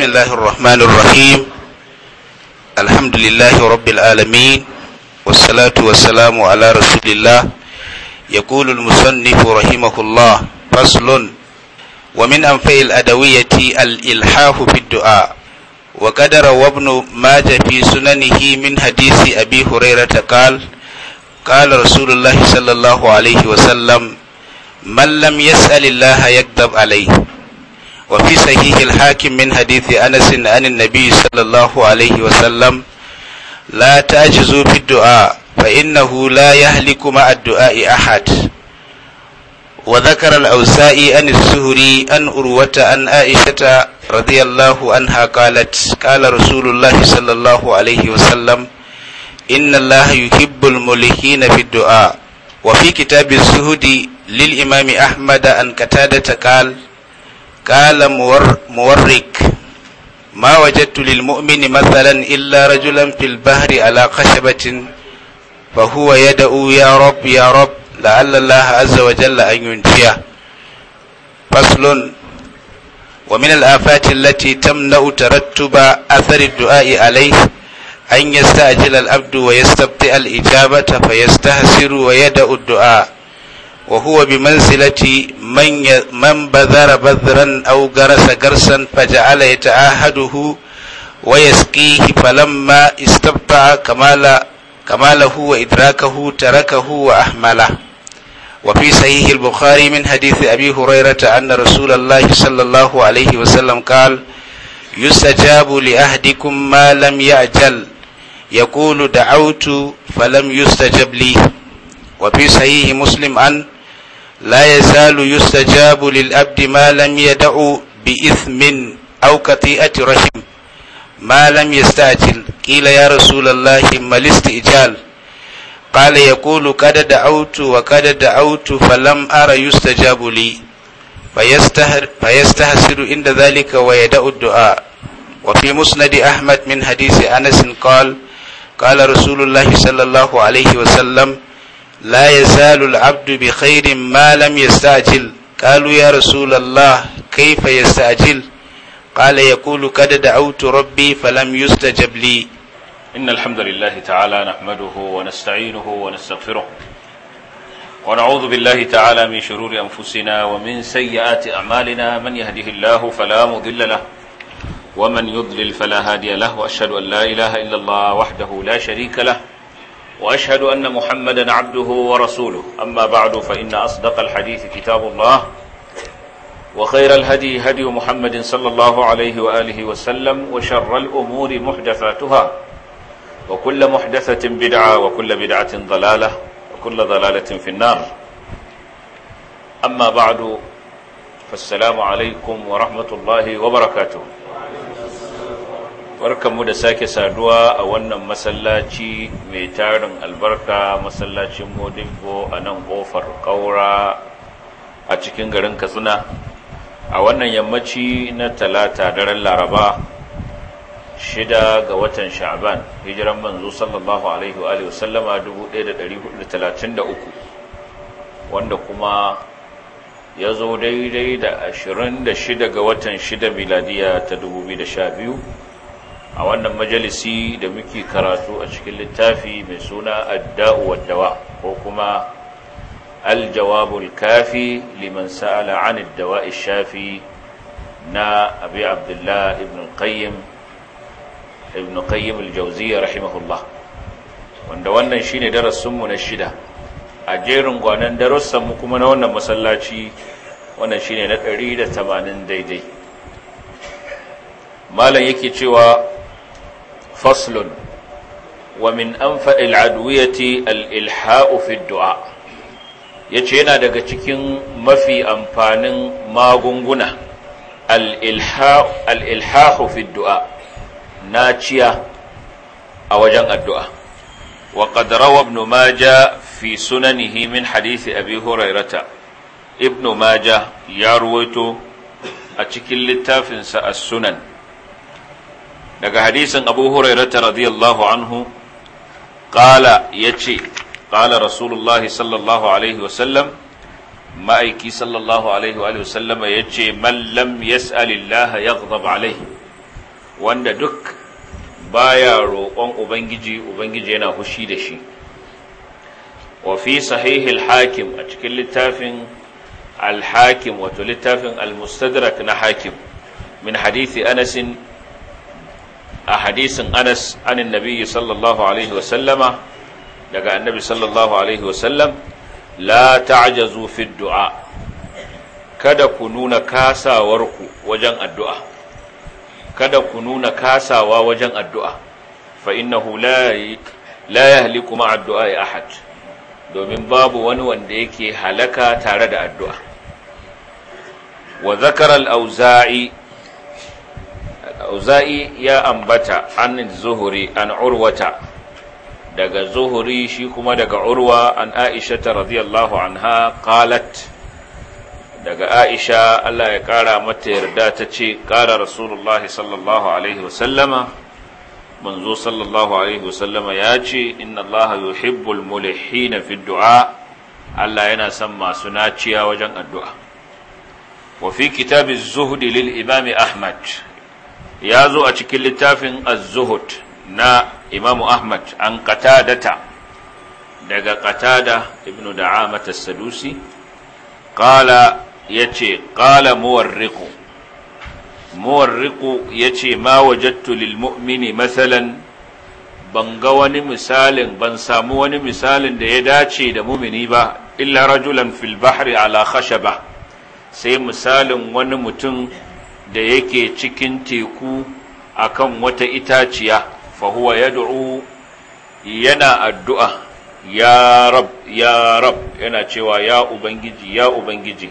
بسم الله الرحمن الرحيم الحمد لله رب العالمين والصلاة والسلام على رسول الله يقول المصنف رحمه الله فصل ومن أنفع الأدوية الإلحاف في الدعاء وقد روى ابن ماجه في سننه من حديث أبي هريرة قال قال رسول الله صلى الله عليه وسلم من لم يسأل الله يكذب عليه وفي صحيح الحاكم من حديث أنس عن النبي صلى الله عليه وسلم لا تعجزوا في الدعاء فإنه لا يهلك مع الدعاء أحد وذكر الأوسائي عن الزهري عن أروة عن عائشة رضي الله عنها قالت قال رسول الله صلى الله عليه وسلم إن الله يحب الملحين في الدعاء وفي كتاب الزهد للإمام أحمد عن قتادة قال قال مورك ما وجدت للمؤمن مثلا إلا رجلا في البحر على خشبة فهو يدعو يا رب يا رب لعل الله عز وجل أن ينجيه فصل ومن الآفات التي تمنع ترتب أثر الدعاء عليه أن يستعجل العبد ويستبطئ الإجابة فيستهسر ويدعو الدعاء وهو بمنزلة من ي... من بذر بذرا أو جرس جرسا فجعل يتعاهده ويسقيه فلما استبطأ كمال كماله وإدراكه تركه وأحمله وفي صحيح البخاري من حديث أبي هريرة أن رسول الله صلى الله عليه وسلم قال يستجاب لأهدكم ما لم يعجل يقول دعوت فلم يستجب لي وفي صحيح مسلم أن لا يزال يستجاب للأبد ما لم يدع بإثم أو قطيئة رحم ما لم يستعجل قيل يا رسول الله ما الاستئجال قال يقول قد دعوت وقد دعوت فلم أر يستجاب لي فيستهسر عند ذلك ويدع الدعاء وفي مسند أحمد من حديث أنس قال قال رسول الله صلى الله عليه وسلم لا يزال العبد بخير ما لم يستعجل قالوا يا رسول الله كيف يستعجل قال يقول قد دعوت ربي فلم يستجب لي إن الحمد لله تعالى نحمده ونستعينه ونستغفره ونعوذ بالله تعالى من شرور أنفسنا ومن سيئات أعمالنا من يهده الله فلا مضل له ومن يضلل فلا هادي له وأشهد أن لا إله إلا الله وحده لا شريك له واشهد ان محمدا عبده ورسوله اما بعد فان اصدق الحديث كتاب الله وخير الهدي هدي محمد صلى الله عليه واله وسلم وشر الامور محدثاتها وكل محدثه بدعه وكل بدعه ضلاله وكل ضلاله في النار اما بعد فالسلام عليكم ورحمه الله وبركاته barkanmu da sake saduwa a wannan masallaci mai tarin albarka masallacin modinbo a nan ƙofar ƙaura a cikin garin katsina a wannan yammaci na talata daren laraba shida ga watan sha'ban hijiran manzo sallallahu alaihi wa sallama 1433 wanda kuma ya zo daidai da 26 ga watan shida miladiya ta 2012 a wannan majalisi da muke karatu a cikin littafi mai suna adda'u waddawa ko kuma aljawabul kafi liman sa'ala an addawa'i shafi na abi abdullah ibn qayyim ibn qayyim rahimahullah wanda wannan shine darasin mu na shida a jerin gwanan darussan mu kuma na wannan masallaci wannan shine na 180 daidai malam yake cewa فصل ومن أنفع العدوية الإلحاء في الدعاء yace yana daga cikin mafi amfanin magunguna al-ilhahu fi Na naciya a wajen addu'a wa qad rawa ibn majah fi sunanihi min hadisi abi hurairata ibn majah ya ruwaito a cikin littafinsa a sunan daga hadisin abu hurairata radiyallahu anhu qala yace qala rasulullahi sallallahu alaihi wasallam ma'aiki sallallahu alaihi wa sallama yace man ya yas'alillaha yaghdab alaihi wanda duk baya roƙon ubangiji ubangiji yana hushi da shi wa fi sahihil hakim a cikin littafin alhakim wato littafin al-mustadrak na hakim min hadisi anasin a hadisin Anas anin nabiyyi sallallahu alaihi wa sallama daga Annabi sallallahu alaihi wa sallam la ta'jazu fi du'a kada ku nuna kasawarku wajen addu'a kada ku nuna kasawa wajen addu'a fa innahu la la yahliku ma addu'a ahad domin babu wani wanda yake halaka tare da addu'a wa zakara al-auza'i auza'i ya ambata an zuhuri an urwata daga zuhuri shi kuma daga urwa an aisha ta radiyallahu anha qalat daga aisha Allah ya kara mata yarda ta ce kara rasulullahi sallallahu alaihi wasallama manzo sallallahu alaihi wasallama ya ce inna allaha yuhibbul mulihina fi du'a Allah yana son masu naciya wajen addu'a wa fi kitabiz zuhdi lil imami ahmad ya zo a cikin littafin az-zuhud na imamu ahmad an qatadata daga qatada ibnu da'amat as-sadusi qala yace qala muwarriqu muwarriqu yace ma wajadtu lil mu'mini masalan ban ga wani misalin ban samu wani misalin da ya dace da mumini ba illa rajulan fil bahri ala khashaba sai misalin wani mutum da yake cikin teku akan wata itaciya fahuwa huwa yad'u yana addu'a ya rab ya rab yana cewa ya ubangiji ya ubangiji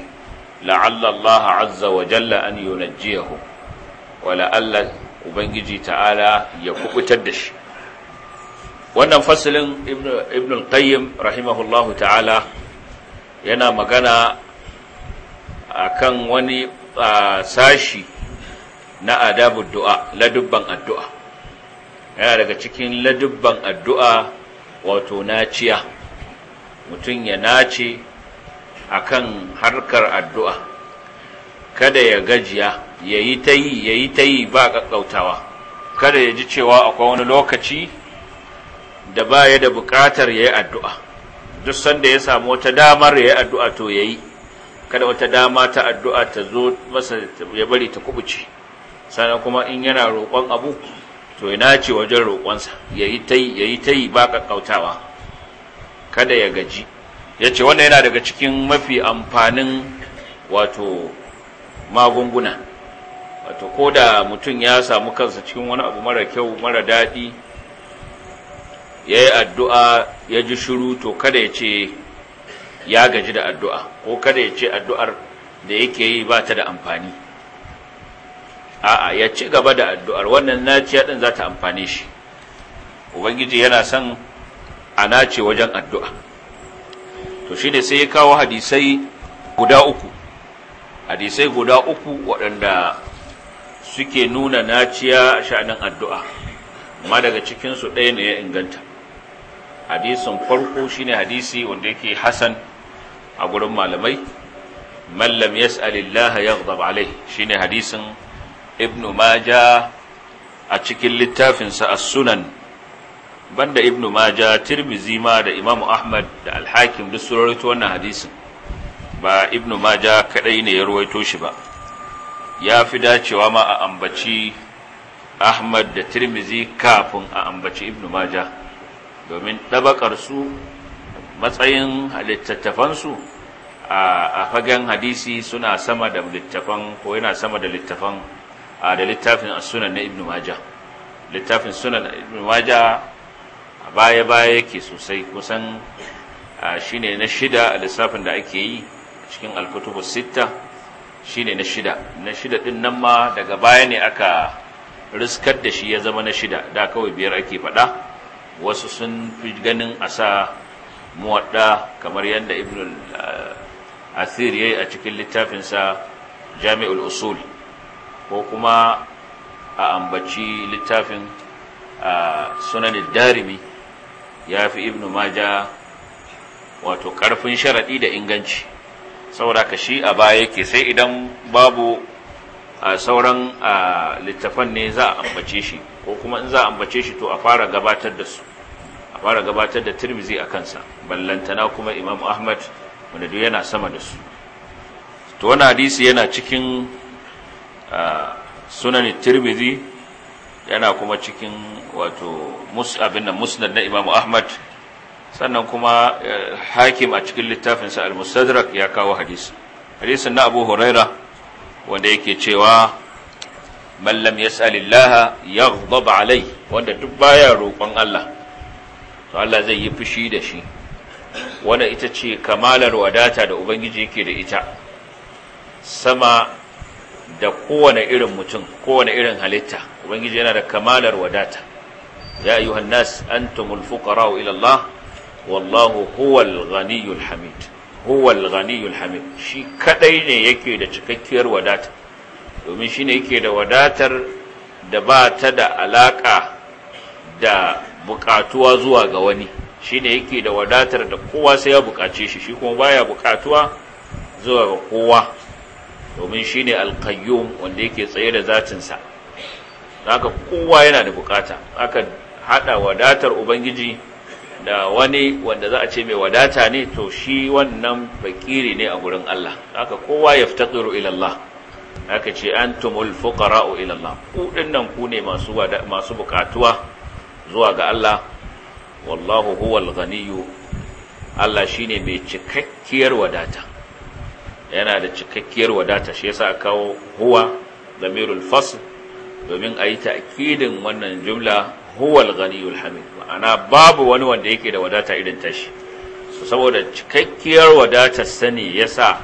la'alla Allah azza wa jalla an yunajjiyahu wa la'alla ubangiji ta'ala ya kubutar da shi wannan fasalin ibn al-qayyim rahimahullahu ta'ala yana magana akan wani sashi na adabu du'a ladubban addu'a yana daga cikin ladubban addu'a wato naciya mutum ya nace akan harkar addu'a kada ya gajiya ya yi ta yi ya yi ta yi ba ƙaƙƙautawa kada ya ji cewa akwai wani lokaci da ba ya da buƙatar ya yi addu'a duk sanda ya samu wata damar ya yi addu'a to ya yi kada wata dama ta addu'a ta zo masa ya bari ta kubuce sannan kuma in yana roƙon abu to ina ce wajen roƙonsa yayi tai yayi tai ba kakkautawa kada ya gaji yace wannan yana daga cikin mafi amfanin wato magunguna wato ko da mutum ya samu kansa cikin wani abu mara kyau mara daɗi ya yi addu'a ya ji shiru to kada ya ce ya gaji da addu'a ko kada ya ce addu'ar da yake yi ba ta da amfani a'a ya ci gaba da addu'ar wannan naciya ɗin za ta amfani shi ubangiji yana son a nace wajen addu'a to shi ne sai ya kawo hadisai guda uku hadisai guda uku waɗanda suke nuna naciya a sha'anin addu'a amma daga cikinsu ɗaya ne ya inganta hadisin farko shine hadisi wanda yake Hassan. a gurin malamai man lam yas'alillah yaghdab Shi shine hadisin ibn maja a cikin littafinsa a sunan banda ibn maja tirmizi ma da imamu ahmad da al-hakim duk sun rawaito wannan hadisin ba ibn maja kadai ne ya rawaito shi ba ya fi dacewa ma a ambaci ahmad da tirmizi kafin a ambaci ibn maja domin ɗabakarsu matsayin littattafansu a fagen hadisi suna sama da littafan ko yana sama da littafan da littafin sunan na Ibn maja littafin sunan ibn maja a baya-baya yake sosai kusan shi ne na shida a lissafin da ake yi cikin alkutubu sita shi ne na shida na shida din nan ma daga baya ne aka riskar da shi ya zama na shida da kawai biyar ake faɗa wasu sun fi ganin a asa muwadda kamar yadda ibn asir yayi a cikin littafinsa jami'ul usul ko kuma a ambaci littafin sunanin darimi ya fi ibnu maja wato karfin sharaɗi da inganci saboda ka shi a baya yake sai idan babu sauran littafan ne za a ambace shi ko kuma in za a ambace shi to a fara gabatar da su a fara gabatar da tirmizi a kansa ballantana kuma imam ahmad wanda duk yana sama da su to wani hadisi yana cikin ah, sunan tirmidhi yana kuma cikin wato mus'abin nan musnad na imamu ahmad sannan kuma eh, hakim a cikin littafinsa al-mustadrak ya kawo hadisi hadisin na abu huraira wanda yake cewa man lam yas'alillaha yaghdab alai wanda duk baya roƙon Allah to Allah zai yi fushi da shi wanda ita ce kamalar wadata da ubangiji yake da ita sama da kowane irin mutum kowane irin halitta ubangiji yana da kamalar wadata ya ayyuhan nas antumul fuqara'u ila Allah wallahu huwal ghaniyul hamid huwal ghaniyul hamid shi kadai ne yake da cikakkiyar wadata domin shi ne yake da wadatar da ba ta da alaka da bukatuwa zuwa ga wani shine yake da wadatar da kowa sai ya buƙace shi shi kuma baya buƙatuwa zuwa ga kowa domin shi ne alkayyum wanda yake tsaye da zatinsa haka kowa yana da buƙata haka hada wadatar ubangiji da wani wanda za a ce mai wadata ne to shi wannan fakiri ne a gurin Allah haka kowa ya yaftaqiru ila Allah haka ce antumul fuqara'u ila Allah ku dinnan ku ne masu masu buƙatuwa zuwa ga Allah wallahu huwal Ganiyu Allah shine mai cikakkiyar wadata yana da cikakkiyar wadata shi yasa kawo huwa damirul fasl domin ayi ta'kidin wannan jumla huwal ghaniyul hamid ma'ana babu wani wanda yake da wadata irin tashi saboda cikakkiyar wadatar sani yasa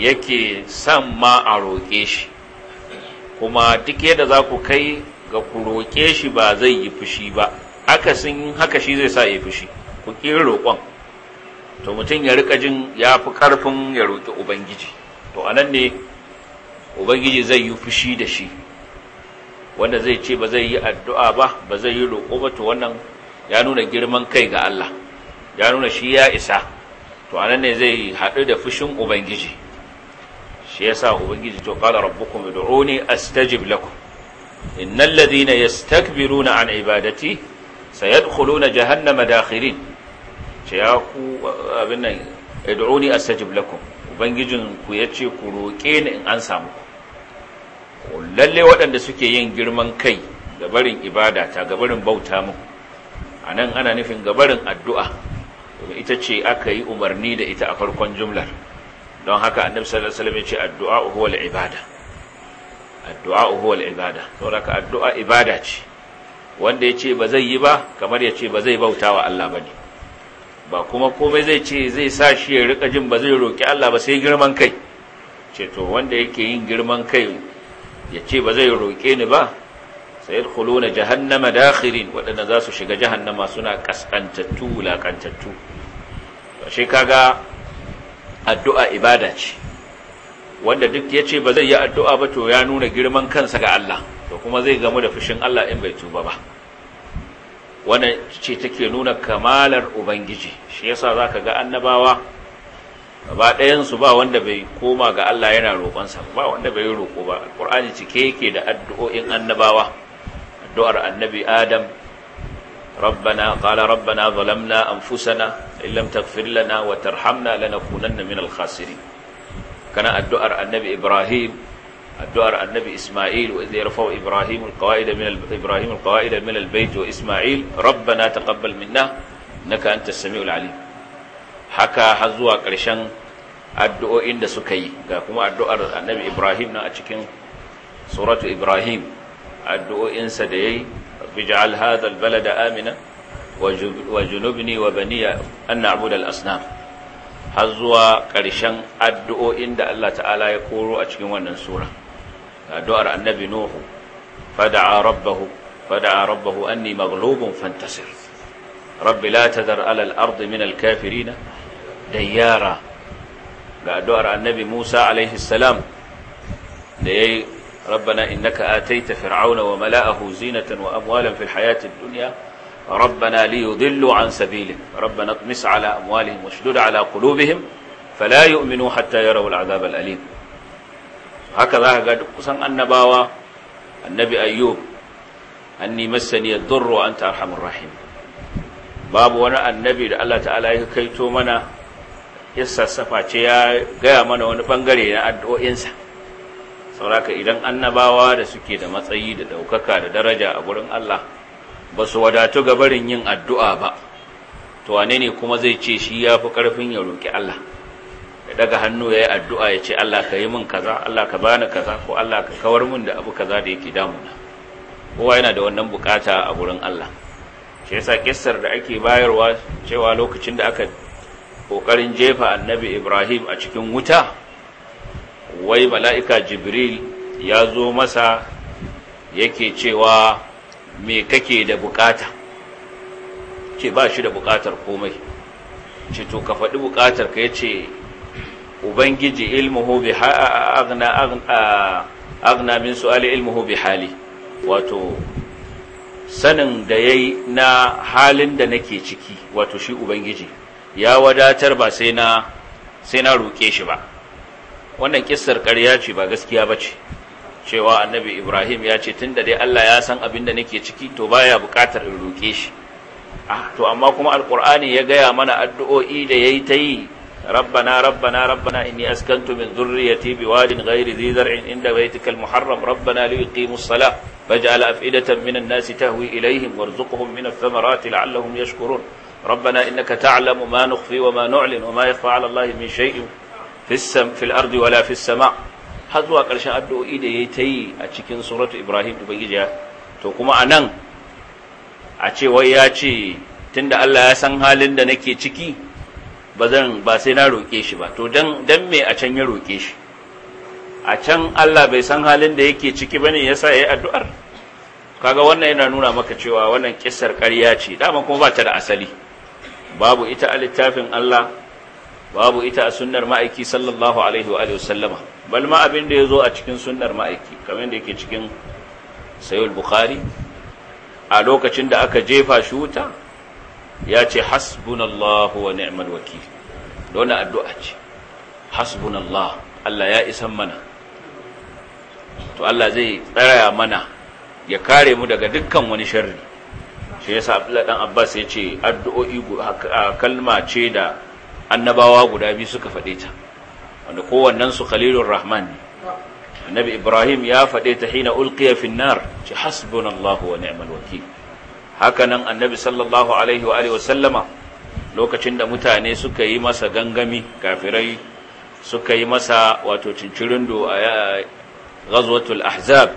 yake san ma a roƙe shi kuma duk yadda za ku kai ga ku roƙe shi ba zai yi fushi ba akasin haka shi zai sa ya fushi ku kiri roƙon to mutum ya rika jin ya fi ƙarfin ya roƙi ubangiji to nan ne ubangiji zai yi fushi da shi wanda zai ce ba zai yi addu'a ba ba zai yi roƙo ba to wannan ya nuna girman kai ga Allah ya nuna shi ya isa to nan ne zai haɗu da fushin ubangiji shi ya sa ubangiji to qala rabbukum ud'uni astajib lakum innal ladhina yastakbiruna an ibadati sayadkhuluna jahannama dakhirin ce ya ku abin nan id'uni astajib lakum ubangijin ku yace ku roƙe ni in an samu ku lalle waɗanda suke yin girman kai da barin ibada ta ga barin bauta mu anan ana nufin ga barin addu'a ita ce aka yi umarni da ita a farkon jumlar don haka annabi sallallahu alaihi wasallam ya ce addu'a huwa al-ibada addu'a huwa al-ibada saboda addu'a ibada ce wanda ya ce ba zai yi ba kamar ya ce ba zai bauta wa Allah ba ne ba kuma komai zai ce zai sa shi ya rika jin ba zai roƙi Allah ba sai girman kai ce to wanda yake yin girman kai ya ce ba zai roƙe ni ba sai yadkhuluna jahannama dakhirin wadanda za su shiga jahannama suna kaskantattu wulakantattu to shi kaga addu'a ibada ce wanda duk ya ce ba zai yi addu'a ba to ya nuna girman kansa ga Allah to kuma zai gamu da fushin Allah in bai tuba ba wannan ce take nuna kamalar ubangiji shi yasa zaka ga annabawa Ba ɗayan su ba wanda bai koma ga Allah yana roƙonsa ba wanda bai roƙo ba alqur'ani cike yake da addu'o'in annabawa addu'ar annabi adam ربنا قال ربنا ظلمنا أنفسنا إن لم تغفر لنا وترحمنا لنكونن من الخاسرين كان الدؤر النبي إبراهيم addu'ar annabi Isma'il wa idh yarfa'u Ibrahim al-qawa'ida min Ibrahim al wa Isma'il rabbana taqabbal minna innaka antas samiul alim haka har zuwa ƙarshen addu'o'in da suka yi ga kuma addu'ar annabi Ibrahim na a cikin suratu Ibrahim addu'o'insa da yayi bij'al hadha al-balada amina wa baniya an na'budu al-asnam har zuwa ƙarshen addu'o'in da Allah ta'ala ya koro a cikin wannan sura دعر النبي نوح فدعا ربه فدعا ربه أني مغلوب فانتصر رب لا تذر على الأرض من الكافرين ديارا دعر النبي موسى عليه السلام دي ربنا إنك آتيت فرعون وملاه زينة وأموالا في الحياة الدنيا ربنا ليضلوا عن سبيله ربنا اطمس على أموالهم واشدد على قلوبهم فلا يؤمنوا حتى يروا العذاب الأليم haka za ka ga duk kusan annabawa annabi ayyub anni massani yadurru wa anta arhamur rahim babu wani annabi da Allah ta'ala ya kaito mana ya sassafa ce ya gaya mana wani bangare na addu'o'insa sauraka idan annabawa da suke da matsayi da daukaka da daraja a gurin Allah ba su wadatu ga barin yin addu'a ba to wane ne kuma zai ce shi ya fi ƙarfin ya roƙi Allah ya daga hannu ya yi addu'a ya ce Allah ka yi min kaza Allah ka bani kaza ko Allah ka kawar min da abu kaza da yake damuna kowa yana da wannan bukata a wurin Allah shi yasa kissar da ake bayarwa cewa lokacin da aka kokarin jefa annabi Ibrahim a cikin wuta wai mala'ika Jibril ya zo masa yake cewa me kake da bukata ce ba shi da bukatar komai ce to ka faɗi bukatar ka yace ubangiji ilmuhu bi aghna aghna min su'ali ilmuhu bi hali wato sanin da yayi na halin da nake ciki wato shi ubangiji ya wadatar ba sai na sai na roke shi ba wannan kissar ƙarya ce ba gaskiya bace cewa annabi Ibrahim ya ce tunda dai Allah ya san abin da nake ciki to baya buƙatar in roke shi ah, to amma kuma alqur'ani ya gaya mana addu'o'i da yayi ta yi ربنا ربنا ربنا إني أسكنت من ذريتي بواد غير ذي زرع عند بيتك المحرم ربنا ليقيموا الصلاة فاجعل أفئدة من الناس تهوي إليهم وارزقهم من الثمرات لعلهم يشكرون ربنا إنك تعلم ما نخفي وما نعلن وما يخفى على الله من شيء في, السم في الأرض ولا في السماء هذا قرشان أدعو da ya ta yi a cikin suratu Ibrahim Ubangiji to kuma a nan a ce wai ya ce tunda Allah ya san halin da nake ciki ba zan ba sai na roƙe shi ba to dan dan me a can ya roƙe shi a can Allah bai san halin da yake ciki bane yasa yayi addu'ar kaga wannan yana nuna maka cewa wannan kissar ƙarya ce dama kuma ba ta da asali babu ita a littafin Allah babu ita a sunnar ma'aiki sallallahu alaihi wa alihi sallama bal ma abin da yazo a cikin sunnar ma'aiki kamar da yake cikin Sayyid bukhari a lokacin da aka jefa shi wuta ya ce hasbunallahu wa ni'mal wakil Don addu'a ce hasbunallah Allah ya isan mana to Allah zai tsaya mana ya kare mu daga dukkan wani sharri shi yasa dan Abbas ya ce addu'o'i kalma ce da annabawa guda biyu suka faɗe ta wanda kowannen su khalilur rahman ne annabi Ibrahim ya faɗe ta hina ulqiya fi nar ce hasbunallahu wa ni'mal wakil hakanan annabi sallallahu alaihi wa sallama lokacin da mutane suka yi masa gangami kafirai suka yi masa wato cincirindo a ghazwatul ahzab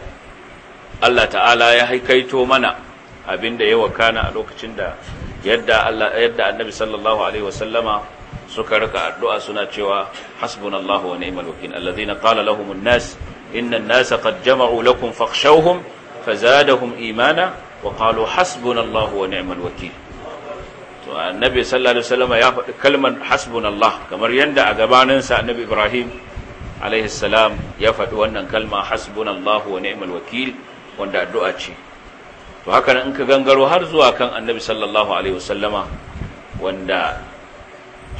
Allah ta'ala ya haikaito mana abinda ya wakana a lokacin da yadda Allah yadda annabi sallallahu alaihi wa sallama suka rika addu'a suna cewa hasbunallahu wa ni'mal wakeel alladhina qala lahumun nas inna an-nasa qad jama'u lakum fakhshawhum fazadahum imana wa qalu hasbunallahu wa ni'mal wakil to annabi sallallahu alaihi wasallam ya faɗi kalmar hasbunallah kamar yanda a gabanin sa annabi Ibrahim alaihi salam ya faɗi wannan kalma hasbunallahu wa ni'mal wakil wanda addu'a ce to haka nan in ka gangaro har zuwa kan annabi sallallahu alaihi wasallama wanda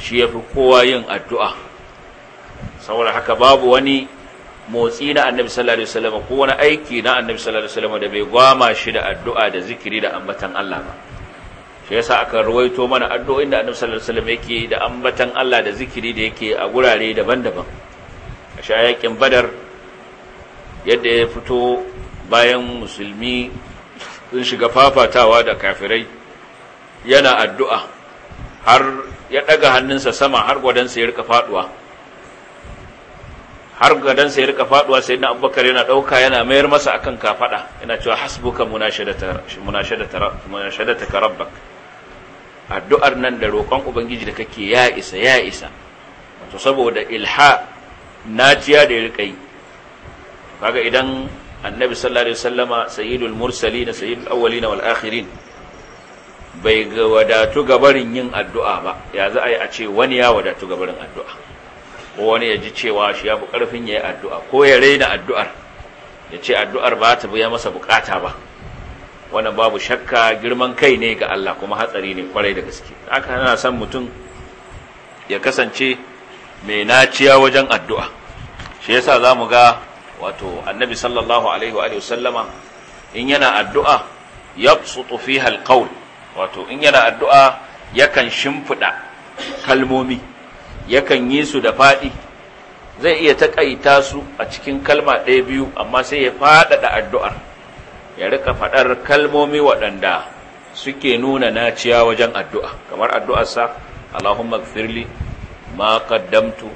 shi yafi kowa yin addu'a saboda haka babu wani motsi na annabi sallallahu alaihi wasallam ko wani aiki na annabi sallallahu alaihi wasallam da bai gwama shi da addu'a da zikiri da ambatan Allah ba shi yasa aka ruwaito mana addu'o'in da annabi sallallahu alaihi wasallam yake da ambatan Allah da zikiri da yake a gurare daban-daban a shayakin badar yadda ya fito bayan musulmi sun shiga fafatawa da kafirai yana addu'a har ya daga hannunsa sama har gwadansa ya rika faduwa har gadan ya rika faduwa sai na abubakar yana dauka yana mayar masa akan kafada yana cewa hasbuka munashadata munashadata rabbak addu'ar nan da roƙon ubangiji da kake ya isa ya isa wato saboda ilha naciya da ya rika yi kaga idan annabi sallallahu alaihi wasallama sayyidul mursalin sayyidul awwalin wal akhirin bai ga wadatu gabarin yin addu'a ba ya za a yi a ce wani ya wadatu gabarin addu'a ko wani ya ji cewa shi ya fi ƙarfin ya yi addu'a ko ya raina addu'ar ya ce addu'ar ba ta biya masa bukata ba wannan babu shakka girman kai ne ga Allah kuma hatsari ne kwarai da gaske aka yana son mutum ya kasance mai naciya wajen addu'a shi yasa za mu ga wato annabi sallallahu alaihi wa sallama in yana addu'a ya fi halƙaul wato in yana addu'a yakan shimfiɗa kalmomi yakan yi su da faɗi zai iya taƙaita su a cikin kalma ɗaya biyu amma sai ya faɗaɗa addu'ar ya rika faɗar kalmomi waɗanda suke nuna naciya wajen addu'a kamar addu'arsa Allahumma gfirli ma qaddamtu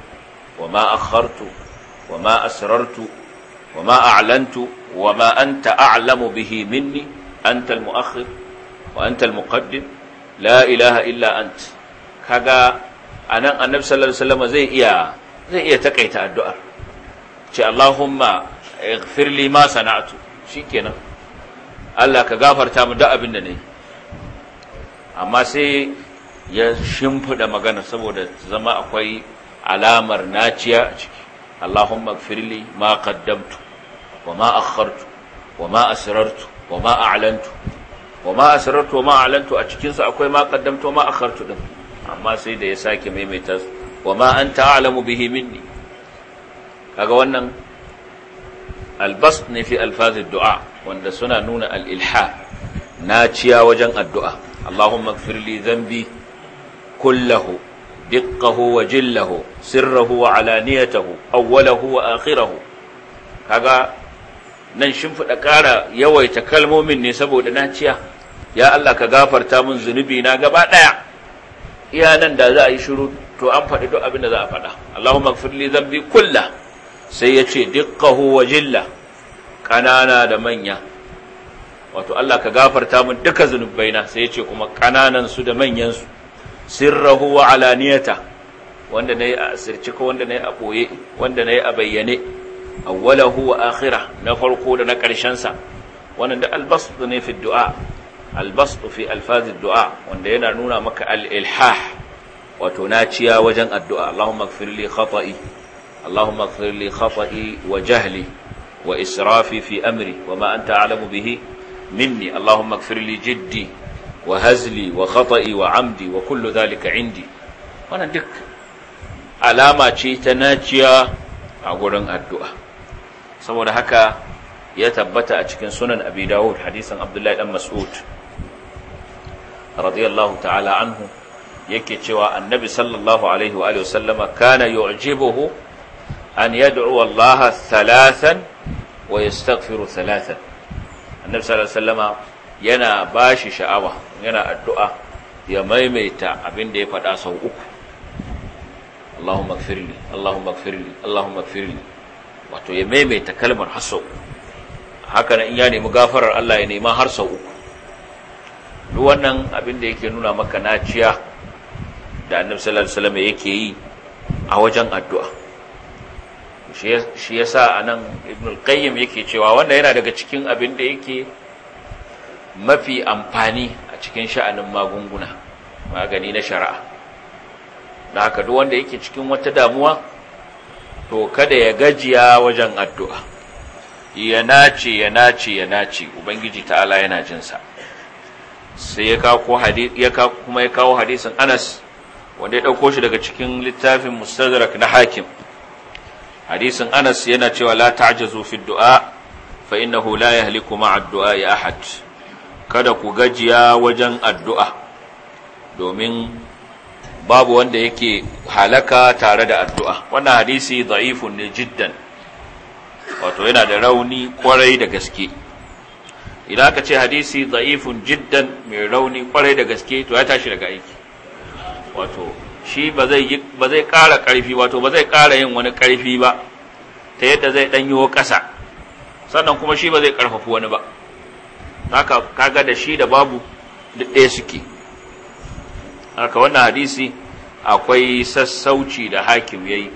wa ma akhartu wa ma asrartu wa ma a'lantu wa ma anta a'lamu bihi minni anta al-mu'akhir wa anta al-muqaddim la ilaha illa anta kaga a nan annabi sallallahu alaihi wasallam zai iya zai iya takaita addu'ar ce Allahumma ighfir li ma sana'tu shikenan Allah ka gafarta mu da' abin da ne. amma sai ya shimfida magana saboda zama akwai alamar naciya a ciki Allahumma ighfir li ma qaddamtu wa ma akhartu wa ma asrartu wa ma a'lantu wa ma asrartu wa ma a'lantu a cikin sa akwai ma qaddamtu wa ma akhartu din amma sai da ya sake maimaita su wa ma an ta'alamu bihi minni kaga wannan albas ne fi alfazid du'a wanda suna nuna al-ilha na ciya wajen addu'a Allahumma ighfir li dhanbi kullahu diqqahu wa jillahu sirrahu wa alaniyatahu awwalahu wa akhirahu kaga nan shimfiɗa ƙara yawaita kalmomin ne saboda na ciya ya Allah ka gafarta mun zunubi na gaba ɗaya iya nan da za a yi shiru to an faɗi duk abin da za a faɗa Allahumma gfirli dhanbi kulla sai ya ce dukkahu wa jilla kanana da manya wato Allah ka gafarta min duka zunubaina sai ya ce kuma kananan su da manyan su sirrahu wa alaniyata wanda nayi a asirce ko wanda nayi a boye wanda nayi a bayyane awwalahu wa akhirah na farko da na karshen sa wannan da albasd ne fi du'a albasu fi alfazid du'a wanda yana nuna maka alilhah wato naciya wajen addu'a Allahumma ighfir khata'i Allahumma ighfir khata'i wa jahli wa israfi fi amri wa ma'an anta bihi minni Allahumma ighfir jiddi wa hazli wa khata'i wa amdi wa kullu dhalika indi wannan duk alama ce ta naciya a gurin addu'a saboda haka ya tabbata a cikin sunan abi dawud hadisin abdullahi dan mas'ud radiyallahu ta'ala anhu yake cewa annabi sallallahu alaihi wa sallama kana yu'jibuhu an yad'u Allah thalathan wa yastaghfiru thalathan annabi sallallahu alaihi wasallama yana bashi sha'awa yana addu'a ya maimaita abin da ya faɗa sau uku Allahumma Allahumma Allahumma wato ya maimaita kalmar har sau haka in ya nemi gafarar Allah ya nema har sau uku duk wannan abin da yake nuna maka naciya da annabi sallallahu alaihi wasallam yake yi a wajen addu'a shi yasa anan ibn al-qayyim yake cewa wannan yana daga cikin abin da yake mafi amfani a cikin sha'anin magunguna magani na shari'a da haka duk wanda yake cikin wata damuwa to kada ya gajiya wajen addu'a ya nace ya nace ya nace ubangiji ta'ala yana jinsa sai ya kawo hadisi ya kuma ya kawo hadisin Anas wanda ya dauko shi daga cikin littafin Mustadrak na Hakim hadisin Anas yana cewa la ta'jazu fi du'a fa innahu la yahliku ma'a du'a ahad kada ku gajiya wajen addu'a domin babu wanda yake halaka tare da addu'a wannan hadisi da'ifun ne jiddan wato yana da rauni kwarai da gaske idan aka ce hadisi da'ifun jiddan mai rauni kwarai da gaske to ya tashi daga aiki wato shi ba zai ba zai ƙara ƙarfi wato ba zai ƙara yin wani ƙarfi ba ta yadda zai ɗanyo ƙasa sannan kuma shi ba zai karfafu wani ba haka kaga da shi da babu duk ɗaya suke haka wannan hadisi akwai sassauci da hakim yayi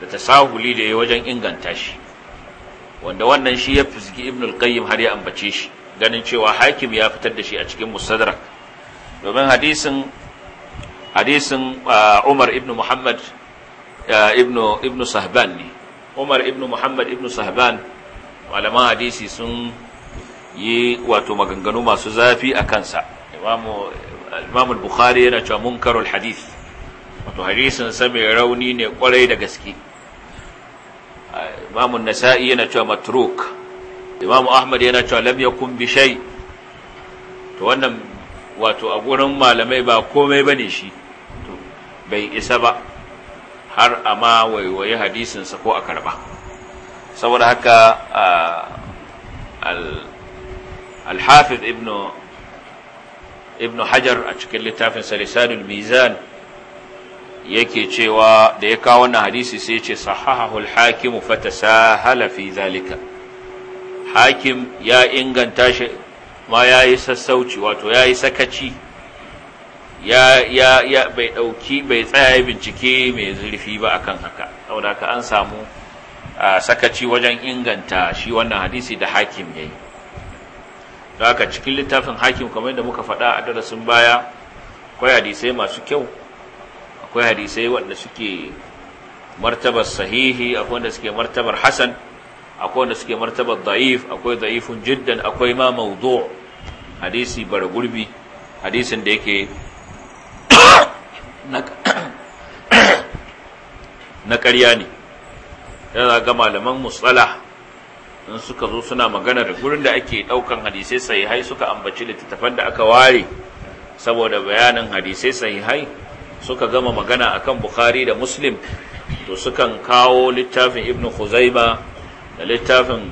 da tasahuli da yayi wajen inganta shi wanda wannan shi ya fizgi ibn al-qayyim har ya ambace shi ganin cewa hakim ya fitar da shi a cikin musadrak domin hadisin hadisin uh, umar ibn muhammad uh, ibn ibn sahban ne umar ibn muhammad ibn sahban malaman hadisi sun yi wato maganganu masu zafi a kansa imamu bukhari yana cewa munkarul hadith wato hadisin sa mai rauni ne kwarai da gaske Imamun nasai yana cewa matruk imamu ahmad yana cewa lam yakun bi shay to wannan wato a gurin malamai ba komai bane shi to bai isa ba har a ma waiwaye hadisin sa ko a karba saboda haka al-hafiz ibnu ibnu hajar a cikin littafin sa lisanul mizan yake cewa da ya kawo wannan hadisi sai ya ce sahahahul hakim tasahala fi zalika hakim ya inganta shi ma yayi sassauci wato ya yi sakaci ya ya ya bai dauki bai tsaya bincike mai zurfi ba akan haka saboda ka an samu sakaci wajen inganta shi wannan hadisi da hakim yayi don haka cikin littafin hakim kamar yadda muka faɗa a darasin baya akwai hadisai masu kyau akwai hadisai wanda suke martabar sahihi akwai wanda suke martabar hasan akwai wanda suke martabar da'if akwai da'ifun jiddan akwai ma mawdu' hadisi bara gurbi hadisin da yake na karya ne yana ga malaman musala in suka zo suna magana da gurin da ake ɗaukan hadisai sahihai suka ambaci littattafan da aka ware saboda bayanin hadisai sahihai suka gama magana akan bukhari da muslim to sukan kawo littafin ibn khuzaima da littafin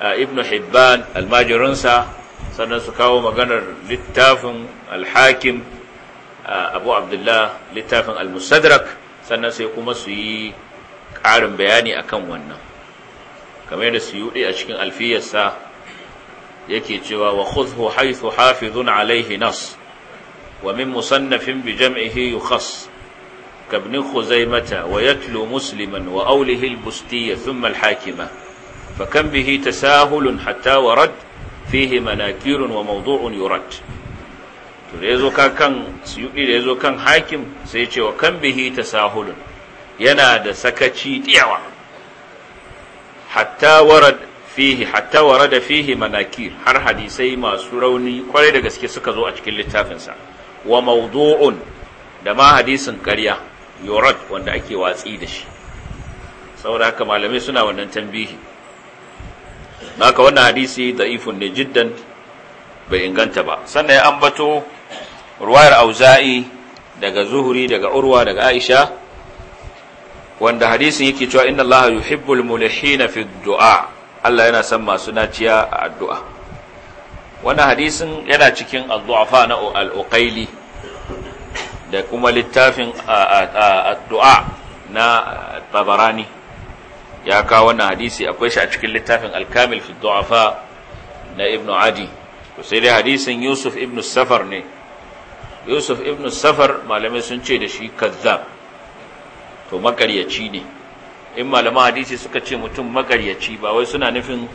eh, ibn hibban almajirinsa sannan su kawo maganar littafin alhakim eh, abu abdullah littafin almusadrak sannan sai kuma su yi ƙarin bayani akan wannan kamar yadda su yi a cikin alfiyarsa yake cewa wa khudhu haythu hafizun alaihi nas ومن مصنف بجمعه يخص كابن خزيمة ويتلو مسلما وأوله البستية ثم الحاكمة فكم به تساهل حتى ورد فيه مناكير وموضوع يرد to da ya zo kan suyuɗi da ya zo kan hakim sai ce wa kan bihi ta sahulun yana da sakaci ɗiyawa hatta warad fihi fihi manakir har hadisai masu rauni kwarai da gaske suka zo a cikin littafinsa wa mawdu'un da ma hadisin ƙarya yurad wanda ake watsi da shi saboda haka malamai suna wannan tambihi haka wannan hadisi da'ifun ne jiddan bai inganta ba sannan ya ambato ruwayar auza'i daga zuhuri daga urwa daga aisha wanda hadisin yake cewa inna allaha yuhibbul mulihina fi du'a Allah yana son masu naciya a addu'a wani hadisin yana cikin addu'afa na al'uƙaili da kuma littafin addu'a na tabarani ya kawo wannan hadisi akwai shi a cikin littafin alkamil fi du'afa na Ibnu adi to sai dai hadisin yusuf ibn safar ne yusuf ibn safar malamai sun ce da shi kazzab to makaryaci ne in malaman hadisi suka ce mutum makaryaci ba wai suna nufin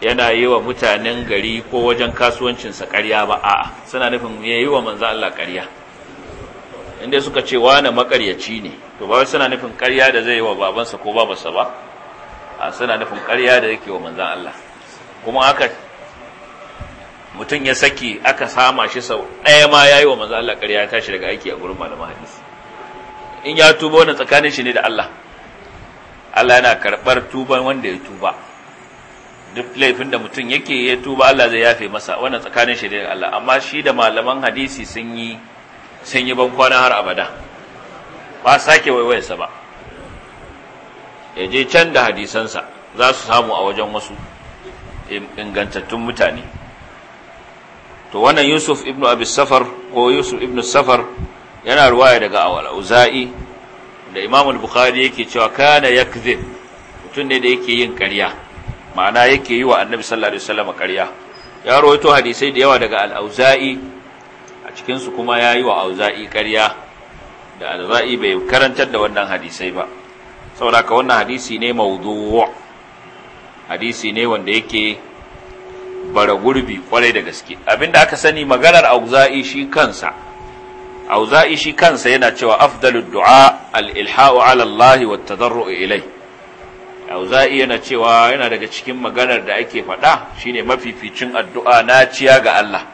yana yi wa mutanen gari ko wajen kasuwancinsa ƙarya ba a'a suna nufin ya yi wa manzan Allah ƙarya inda suka ce wane makaryaci ne to ba suna nufin ƙarya da zai yi wa babansa ko babansa ba a suna nufin ƙarya da yake wa manzan Allah kuma aka mutum ya saki aka sama shi sau ɗaya ma ya yi wa manzan Allah ƙarya ya tashi daga aiki a gurin malama hadisi in ya tuba wannan tsakanin shi ne da Allah Allah yana karɓar tuban wanda ya tuba duk laifin da mutum yake ya tuba Allah zai yafe masa wannan tsakanin shi da Allah amma shi da malaman hadisi sun yi sun yi ban kwana har abada ba sake sa ba ya je can da hadisansa za su samu a wajen wasu ingantattun mutane to wannan Yusuf ibn Abi Safar ko Yusuf ibn Safar yana ruwaya daga Awal Uza'i da Imam al-Bukhari yake cewa kana yakzib mutum ne da yake yin ƙarya ma'ana yake yi wa annabi sallallahu alaihi wasallam ƙarya ya rawaito hadisai da yawa daga al-auza'i a cikin su kuma yayi wa auza'i ƙarya da al-auza'i bai karantar da wannan hadisai ba saboda ka wannan hadisi ne mawdu'u hadisi ne wanda yake bara gurbi kwarai da gaske abinda aka sani maganar auza'i shi kansa auza'i shi kansa yana cewa afdalud du'a al-ilha'u ala Allah wa tadarru ilai. auza'i yana cewa yana daga cikin maganar da ake faɗa shine mafificin addu'a na ciya ga Allah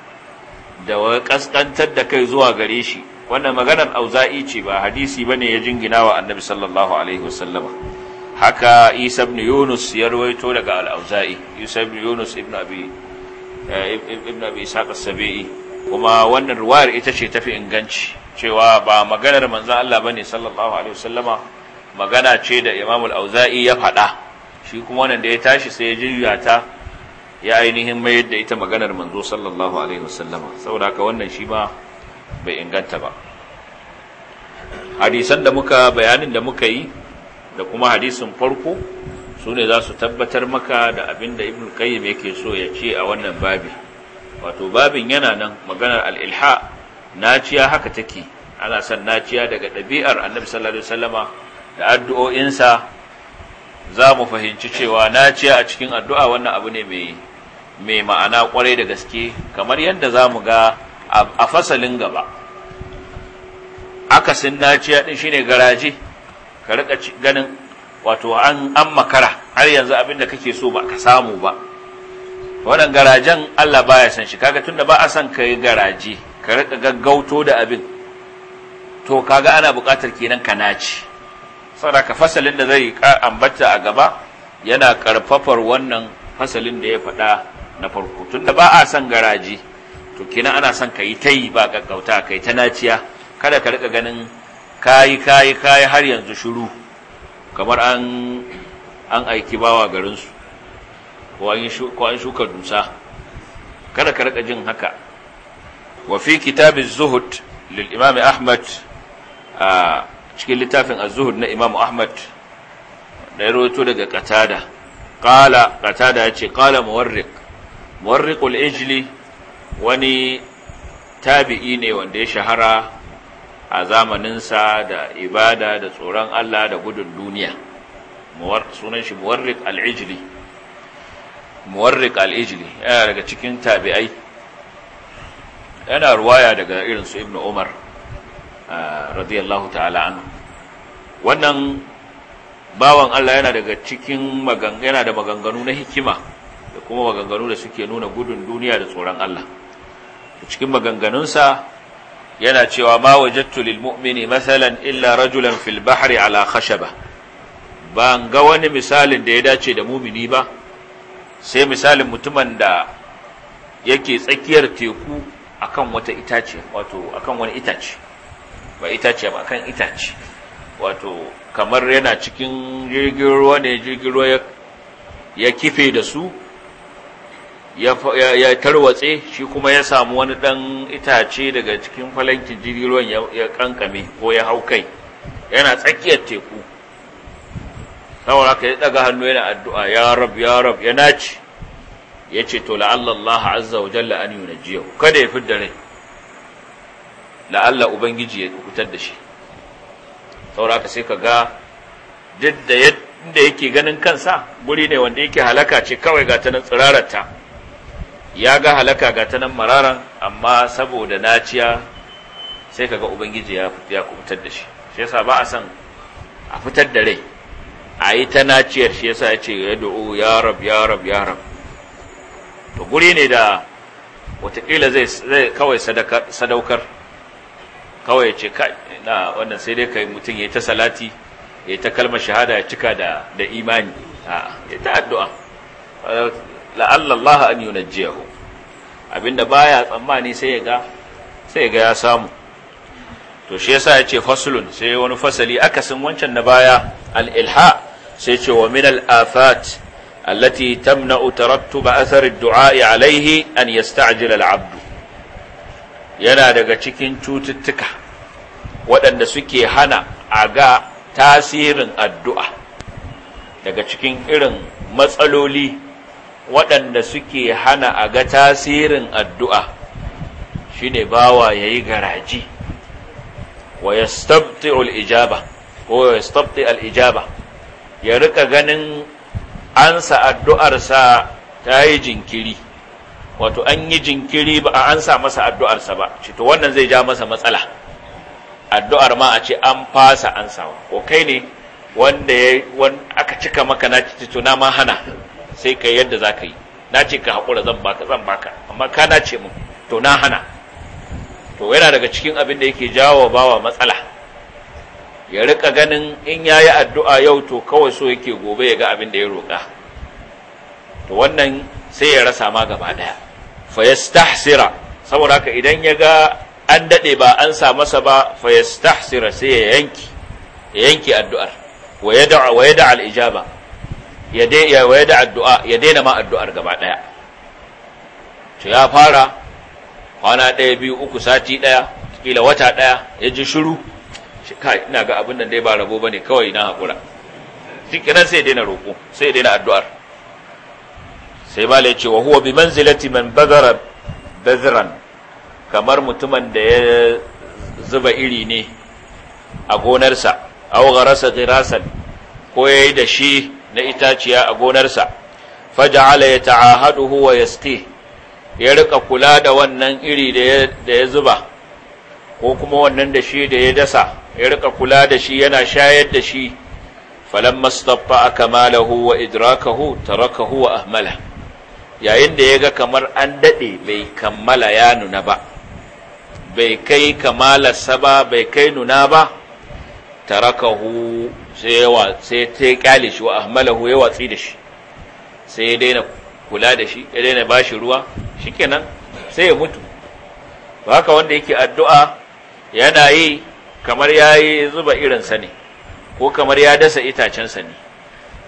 da wa kaskantar da kai zuwa gare shi wannan maganar auza'i ce ba hadisi bane ya jingina wa annabi sallallahu alaihi wasallama haka isa ibn yunus ya rawaito daga al-auza'i isa ibn yunus ibn abi eh, ibn abi ishaq as-sabi'i kuma wannan ruwayar ita ce tafi inganci cewa ba maganar manzon Allah bane sallallahu alaihi wasallama magana ce da imam al-auza'i ya faɗa shi kuma wannan da ya tashi sai ya jirya ta ya ainihin mayar da ita maganar manzo sallallahu alaihi wasallama saboda haka wannan shi ma bai inganta ba hadisan da muka bayanin da muka yi da kuma hadisin farko su ne za su tabbatar maka da abin da ibn qayyim yake so ya ce a wannan babi wato babin yana nan maganar al-ilha naciya haka take ana san naciya daga ɗabi'ar annabi sallallahu alaihi wasallama da addu'o'insa za mu fahimci cewa na naciya a cikin addu'a wannan abu ne mai ma'ana kwarai da gaske kamar yadda za mu ga a fasalin gaba akasin yaɗin ɗin ne garaje ka ganin wato an makara har yanzu abin da kake so ba ka samu ba wannan garajen Allah baya san shi kaga tun da ba a san kai garaje ka gaggauto da abin to kaga ana buƙatar kenan ka naci saboda fasalin da zai ambata a gaba yana karfafar wannan fasalin da ya faɗa na farko tunda ba a son garaji to kina ana son ka yi ta yi ba kakkauta kai ta naciya kada ka rika ganin kayi kayi kayi har yanzu shiru kamar an an aiki bawa garinsu ko an shuka dusa kada ka rika jin haka wa fi kitabiz zuhud lil imam ahmad a cikin littafin az na Imam Ahmad da rawaito daga Qatada qala Qatada yace qala muwarriq al ijli wani tabi'i ne wanda ya shahara a zamaninsa da ibada da tsoron Allah da gudun duniya sunan shi muwarriq al-ijli muwarriq al-ijli yana daga cikin tabi'ai yana ruwaya daga irin su ibnu umar Ah, radiyallahu ta'ala anhu wannan bawan Allah yana daga cikin yana da maganganu na hikima da kuma maganganu da suke nuna gudun duniya da tsoron Allah cikin maganganunsa yana cewa ma wajattu lil mu'mini masalan illa rajulan fil bahri ala khashaba ban ga wani misalin da ya dace da mumini ba sai misalin mutumin da yake tsakiyar teku akan wata itace wato akan wani itace ba itace ba kan itace wato kamar yana cikin jirgin ruwa ne jirgin ruwa ya kife da su ya tarwatse shi kuma ya samu wani ɗan itace daga cikin falankin jirgin ruwan ya kankame ko ya hau kai yana tsakiyar teku saboda haka ya ɗaga hannu yana addu'a ya rab ya rab ya naci ya ce to la'allallahu azza wa jalla an yi kada ya fi da rai la'alla ubangiji ya kutar da shi sauraka sai ka ga duk da yadda yake ganin kansa guri ne wanda yake halaka ce kawai ga ta nan tsirararta ya ga halaka ga ta nan mararan amma saboda naciya sai ka ga ubangiji ya kutar da shi shi yasa ba a san a fitar da rai a yi ta naciyar shi yasa ya ce ya do'o ya rab ya rab ya rab to guri ne da watakila zai kawai sadaukar kawai ya ce kai na wannan sai dai kai mutum ya ta salati ya ta kalmar shahada ya cika da da imani a ya ta addu'a la'alla an yunajjiyahu abinda baya tsammani sai ya ga sai ya ga ya samu to shi yasa yace faslun sai wani fasali akasin wancan na baya al-ilha sai ce wa min al-afat التي تمنع ترتب أثر الدعاء an أن يستعجل abdu. yana daga cikin cututtuka waɗanda suke hana a ga tasirin addu'a daga cikin irin matsaloli waɗanda suke hana a ga tasirin addu'a shi ne bawa ya yi garaji wa ya stabti al'ijaba ko ya stabti al'ijaba ya rika ganin ansa addu'arsa ta yi jinkiri wato an yi jinkiri ba a an sa masa addu'arsa ba shi to wannan zai ja masa matsala addu'ar ma a ce an fasa an sawa ko kai ne wanda ya aka cika maka na ce to na ma hana sai kai yadda za ka yi na ce ka haƙura zan baka zan baka amma ka na ce mu to na hana to yana daga cikin abin da yake jawo bawa matsala ya rika ganin in ya yi addu'a yau to kawai so yake gobe ya ga abin da ya roƙa to wannan sai ya rasa ma gaba daya fa yastahsira saboda haka idan ya ga an dade ba an sa masa ba fa yastahsira sai ya yanki ya yanki addu'ar wa yad'a wa yad'a al-ijaba ya dai ya wa yad'a addu'a ya daina ma addu'ar gaba daya to ya fara kwana daya biyu uku sati daya kila wata daya ya ji shiru shi kai ina ga abin nan dai ba rabo bane kawai na hakura shi kenan sai ya daina roko sai ya daina addu'ar sai bala ya ce wa huwa bi manzilati man bazran kamar mutumin da ya zuba iri ne a gonarsa aw gharasa dirasan ko yayi da shi na itaciya a gonarsa faj'ala yata'ahaduhu wa yasqi ya rika kula da wannan iri da ya zuba ko kuma wannan da shi da ya dasa ya rika kula da shi yana shayar da shi falamma staffa kamalahu wa idrakahu tarakahu wa ahmalahu yayin da ya ga kamar an daɗe bai kammala ya nuna ba bai kai kamalarsa ba bai kai nuna ba tarakahu sai sai ta kyale shi wa ahmalahu ya watsi da shi sai ya daina kula da shi ya daina ba shi ruwa shi kenan sai ya mutu ba haka wanda yake addu'a yana yi kamar ya yi zuba irinsa ne ko kamar ya dasa itacensa ne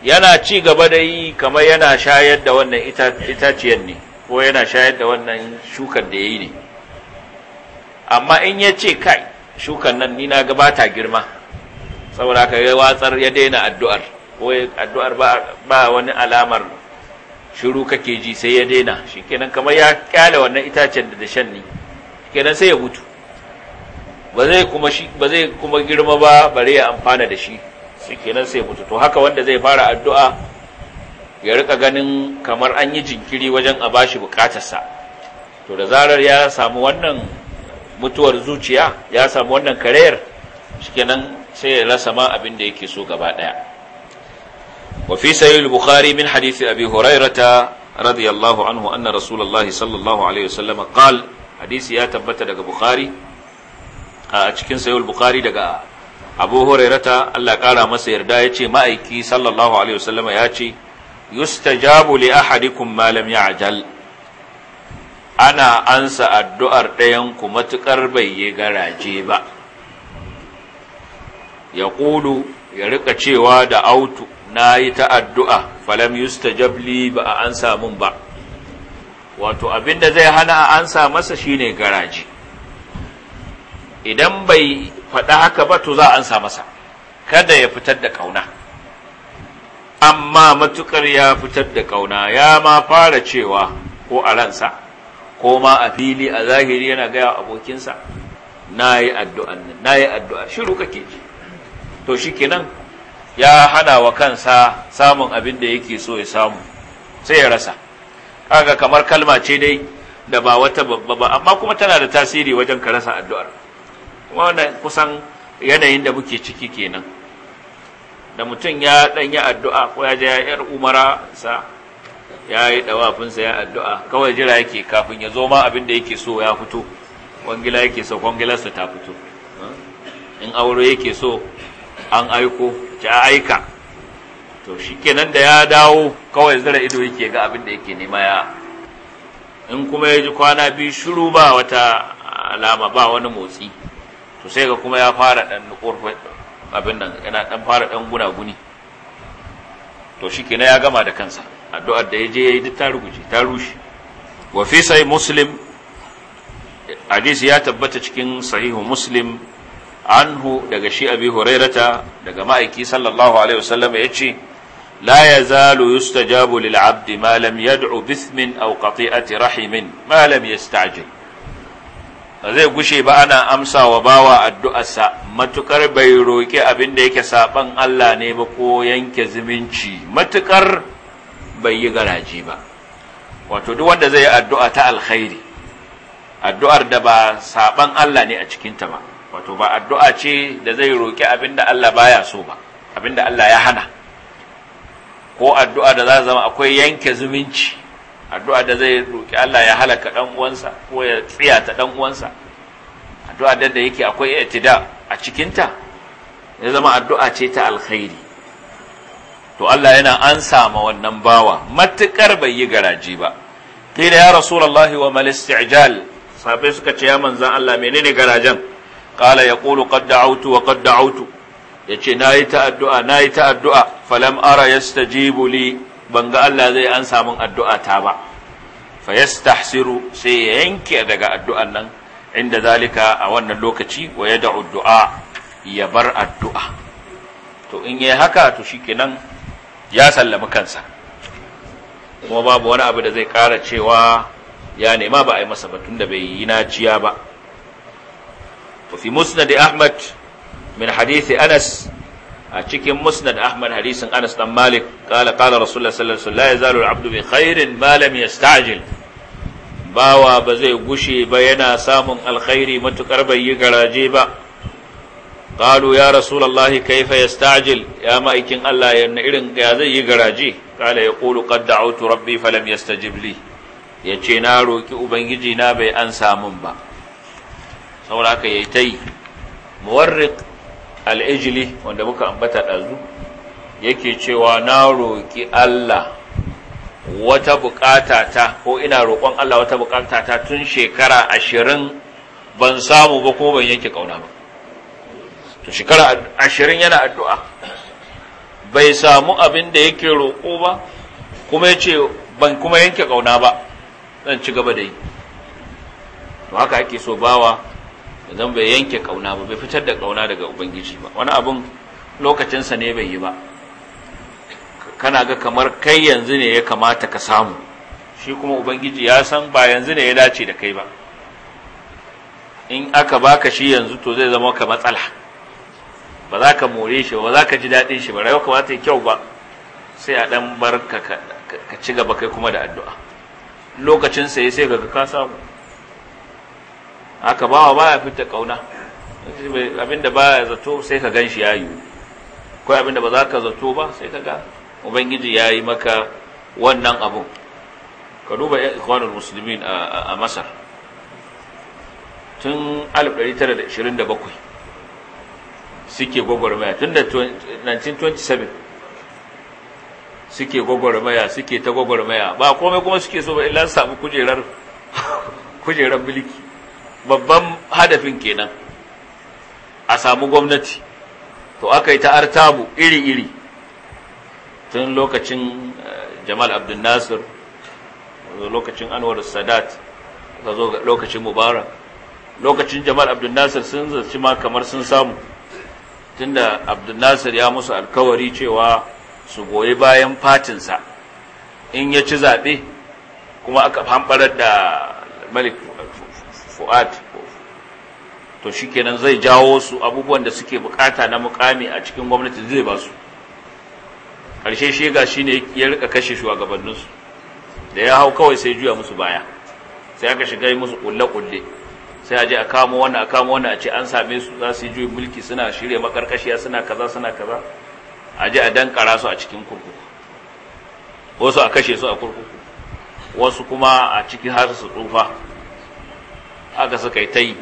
yana ci gaba da yi kamar yana shayar da wannan itaciyar ne ko yana shayar da wannan shukar da ya yi ne amma in ya ce kai shukar nan ni na gabata girma saboda ka ya watsar ya daina addu'ar ko addu'ar ba wani alamar shiru kake ji sai ya daina shi kenan kamar ya kyale wannan itacen da shan ne kenan sai ya mutu ba zai kuma girma ba bare ya amfana da shi shikenan sai mutu to haka wanda zai fara addu'a ya rika ganin kamar an yi jinkiri wajen a bashi bukatarsa to da zarar ya samu wannan mutuwar zuciya ya samu wannan karayar kenan sai ya rasa ma abin da yake so gaba daya wa fi al-bukhari min hadith abi hurairah radiyallahu anhu anna rasulullahi sallallahu alaihi wasallam qala hadisi ya tabbata daga bukhari a cikin sahih al-bukhari daga abu hurairata Allah ƙara masa yarda ya ce ma'aiki sallallahu alaihi wasallama ya ce yustajabu li ahadikum ma lam ya'jal ana ansa addu'ar ɗayan ku matukar bai yi garaje ba ya ƙulu ya riƙa cewa da autu na yi ta addu'a falam yustajab li ba a ansa mun ba wato abinda zai hana a ansa masa shine garaje idan bai faɗa haka ba to za a ansa masa kada ya fitar da ƙauna amma matukar ya fitar da ƙauna ya ma fara cewa ko a ransa ko ma a fili a zahiri yana gaya abokinsa na yi addu'an nan na yi addu'a ruka ke ji to shi kenan ya hana wa kansa samun abin da yake so ya samu sai ya rasa kaga kamar kalma ce dai da ba wata babba ba amma kuma tana da tasiri wajen ka rasa addu'ar wannan kusan yanayin da muke ciki kenan da mutum ya dan yi addu'a ko ya je yar umara sa ya yi sa ya addu'a kawai jira yake kafin ya zo ma abin da yake so ya fito kwangila yake so kwangilarsa ta fito in aure yake so an aiko ta aika to shi kenan da ya dawo kawai zira ido yake ga abin da yake nema ya in kuma ya ji kwana biyu shuru ba wata alama ba wani motsi to sai ga kuma ya fara dan nukurfa abin nan yana dan fara dan gunaguni to shikenan ya gama da kansa addu'ar da yaje yayi duk ta ruguje ta rushe wa fi sai muslim hadisi ya tabbata cikin sahihu muslim anhu daga shi abi hurairata daga ma'aiki sallallahu alaihi wasallam yace لا يزال يستجاب للعبد ما لم يدعو بثم أو قطيئة رحم ما لم يستعجل ba zai gushe ba ana amsa wa bawa addu'arsa matukar bai roƙi abin da yake saban Allah ne ba ko yanke zumunci matukar bai yi garaji ba wato duk wanda zai addu'a ta alkhairi addu'ar da ba saban Allah ne a cikinta ba wato ba addu'a ce da zai roƙi abin da Allah baya so ba abin da Allah ya hana ko addu'a da za zama akwai yanke zumunci addu'a da zai roki Allah ya halaka ɗan uwansa ko ya ta ɗan uwansa addu'a da da yake akwai i'tida a cikin ta ya zama addu'a ce ta alkhairi to Allah yana ansa ma wannan bawa matukar bai yi garaji ba Kila ya rasulallah wa mal isti'jal sahabbai suka ce ya manzan Allah menene garajan qala yaqulu qad da'awtu wa qad da'awtu yace nayi ta addu'a nayi ta addu'a falam ara yastajibu li ban ga Allah zai an samun addu'a ta ba fa yastahsiru sai ya yanke daga addu'an nan inda zalika a wannan lokaci wa ya da'u du'a ya bar addu'a to in yi haka to shikenan ya sallami kansa kuma babu wani abu da zai ƙara cewa ya nema ba a yi masa batun da bai yi naciya ba وفي musnadi ahmad min hadisi anas. a cikin musnad ahmad hadisin anas dan malik qala qala rasulullah sallallahu alaihi wasallam la abdu bi khairin ma lam yasta'jil bawa ba zai gushe ba yana samun alkhairi matukar bai yi garaje ba qalu ya rasulullah kaifa yasta'jil ya ma'aikin allah irin ya zai yi garaje qala yaqulu qad da'awtu rabbi falam yastajib li yace na roki ubangiji na bai an samun ba saboda haka yayi tai muwarriq al'ijili wanda muka ambata ɗazu yake cewa na roƙi Allah wata buƙata ta ko ina roƙon Allah wata buƙata ta tun shekara ashirin ban samu ba ko ban yanke ƙauna ba to shekara ashirin yana addu'a bai samu abin da yake roƙo ba kuma ya ce ban kuma yanke ƙauna ba zan ci gaba da yi to haka ake so bawa zan bai yanke kauna ba bai fitar da kauna daga ubangiji ba wani abun lokacinsa ne bai yi ba kana ga kamar kai yanzu ne ya kamata ka samu shi kuma ubangiji ya san ba yanzu ne ya dace da kai ba in aka baka shi yanzu to zai zama ka matsala ba za ka more shi ba za ka ji daɗin shi ba rayuwa ka ba ta yi kyau ba sai a ɗan barka ka ci gaba kai kuma da addu'a lokacinsa ya sai ga ka samu aka bawa baya fita kauna abinda baya zato sai ka ganshi ya yi ko abinda ba za ka zato ba sai ka ga ubangiji ya yi maka wannan abu ka duba ikhwanul muslimin a masar tun 1927 suke gwagwarmaya tun da 1927 suke gwagwarmaya suke ta gwagwarmaya ba komai kuma suke so ba illa su samu kujerar kujerar biliki babban hadafin kenan a samu gwamnati to aka yi ta tabu iri-iri tun lokacin eh, jamal abdul nasir lokacin anwar sadat zo lokacin mubarak lokacin jamal abdul nasir sun zaci ma kamar sun samu tunda abdul nasir ya musu alkawari cewa su goyi bayan fatinsa in ya ci zaɓe kuma aka hamɓarar da malik fu'ad to shikenan zai jawo su abubuwan da suke bukata na mukami a cikin gwamnati zai ba su ƙarshe shega shine ya rika kashe shugabanninsu da ya hau kawai sai juya musu baya sai aka shiga musu kulle-kulle sai a a kamo wannan a kamo wannan a ce an same su za su yi juyin mulki suna shirya makarkashiya suna kaza suna kaza a a dankara su a cikin kurkuku wasu a kashe su a kurkuku wasu kuma a cikin har su tsufa aka suka yi ta yi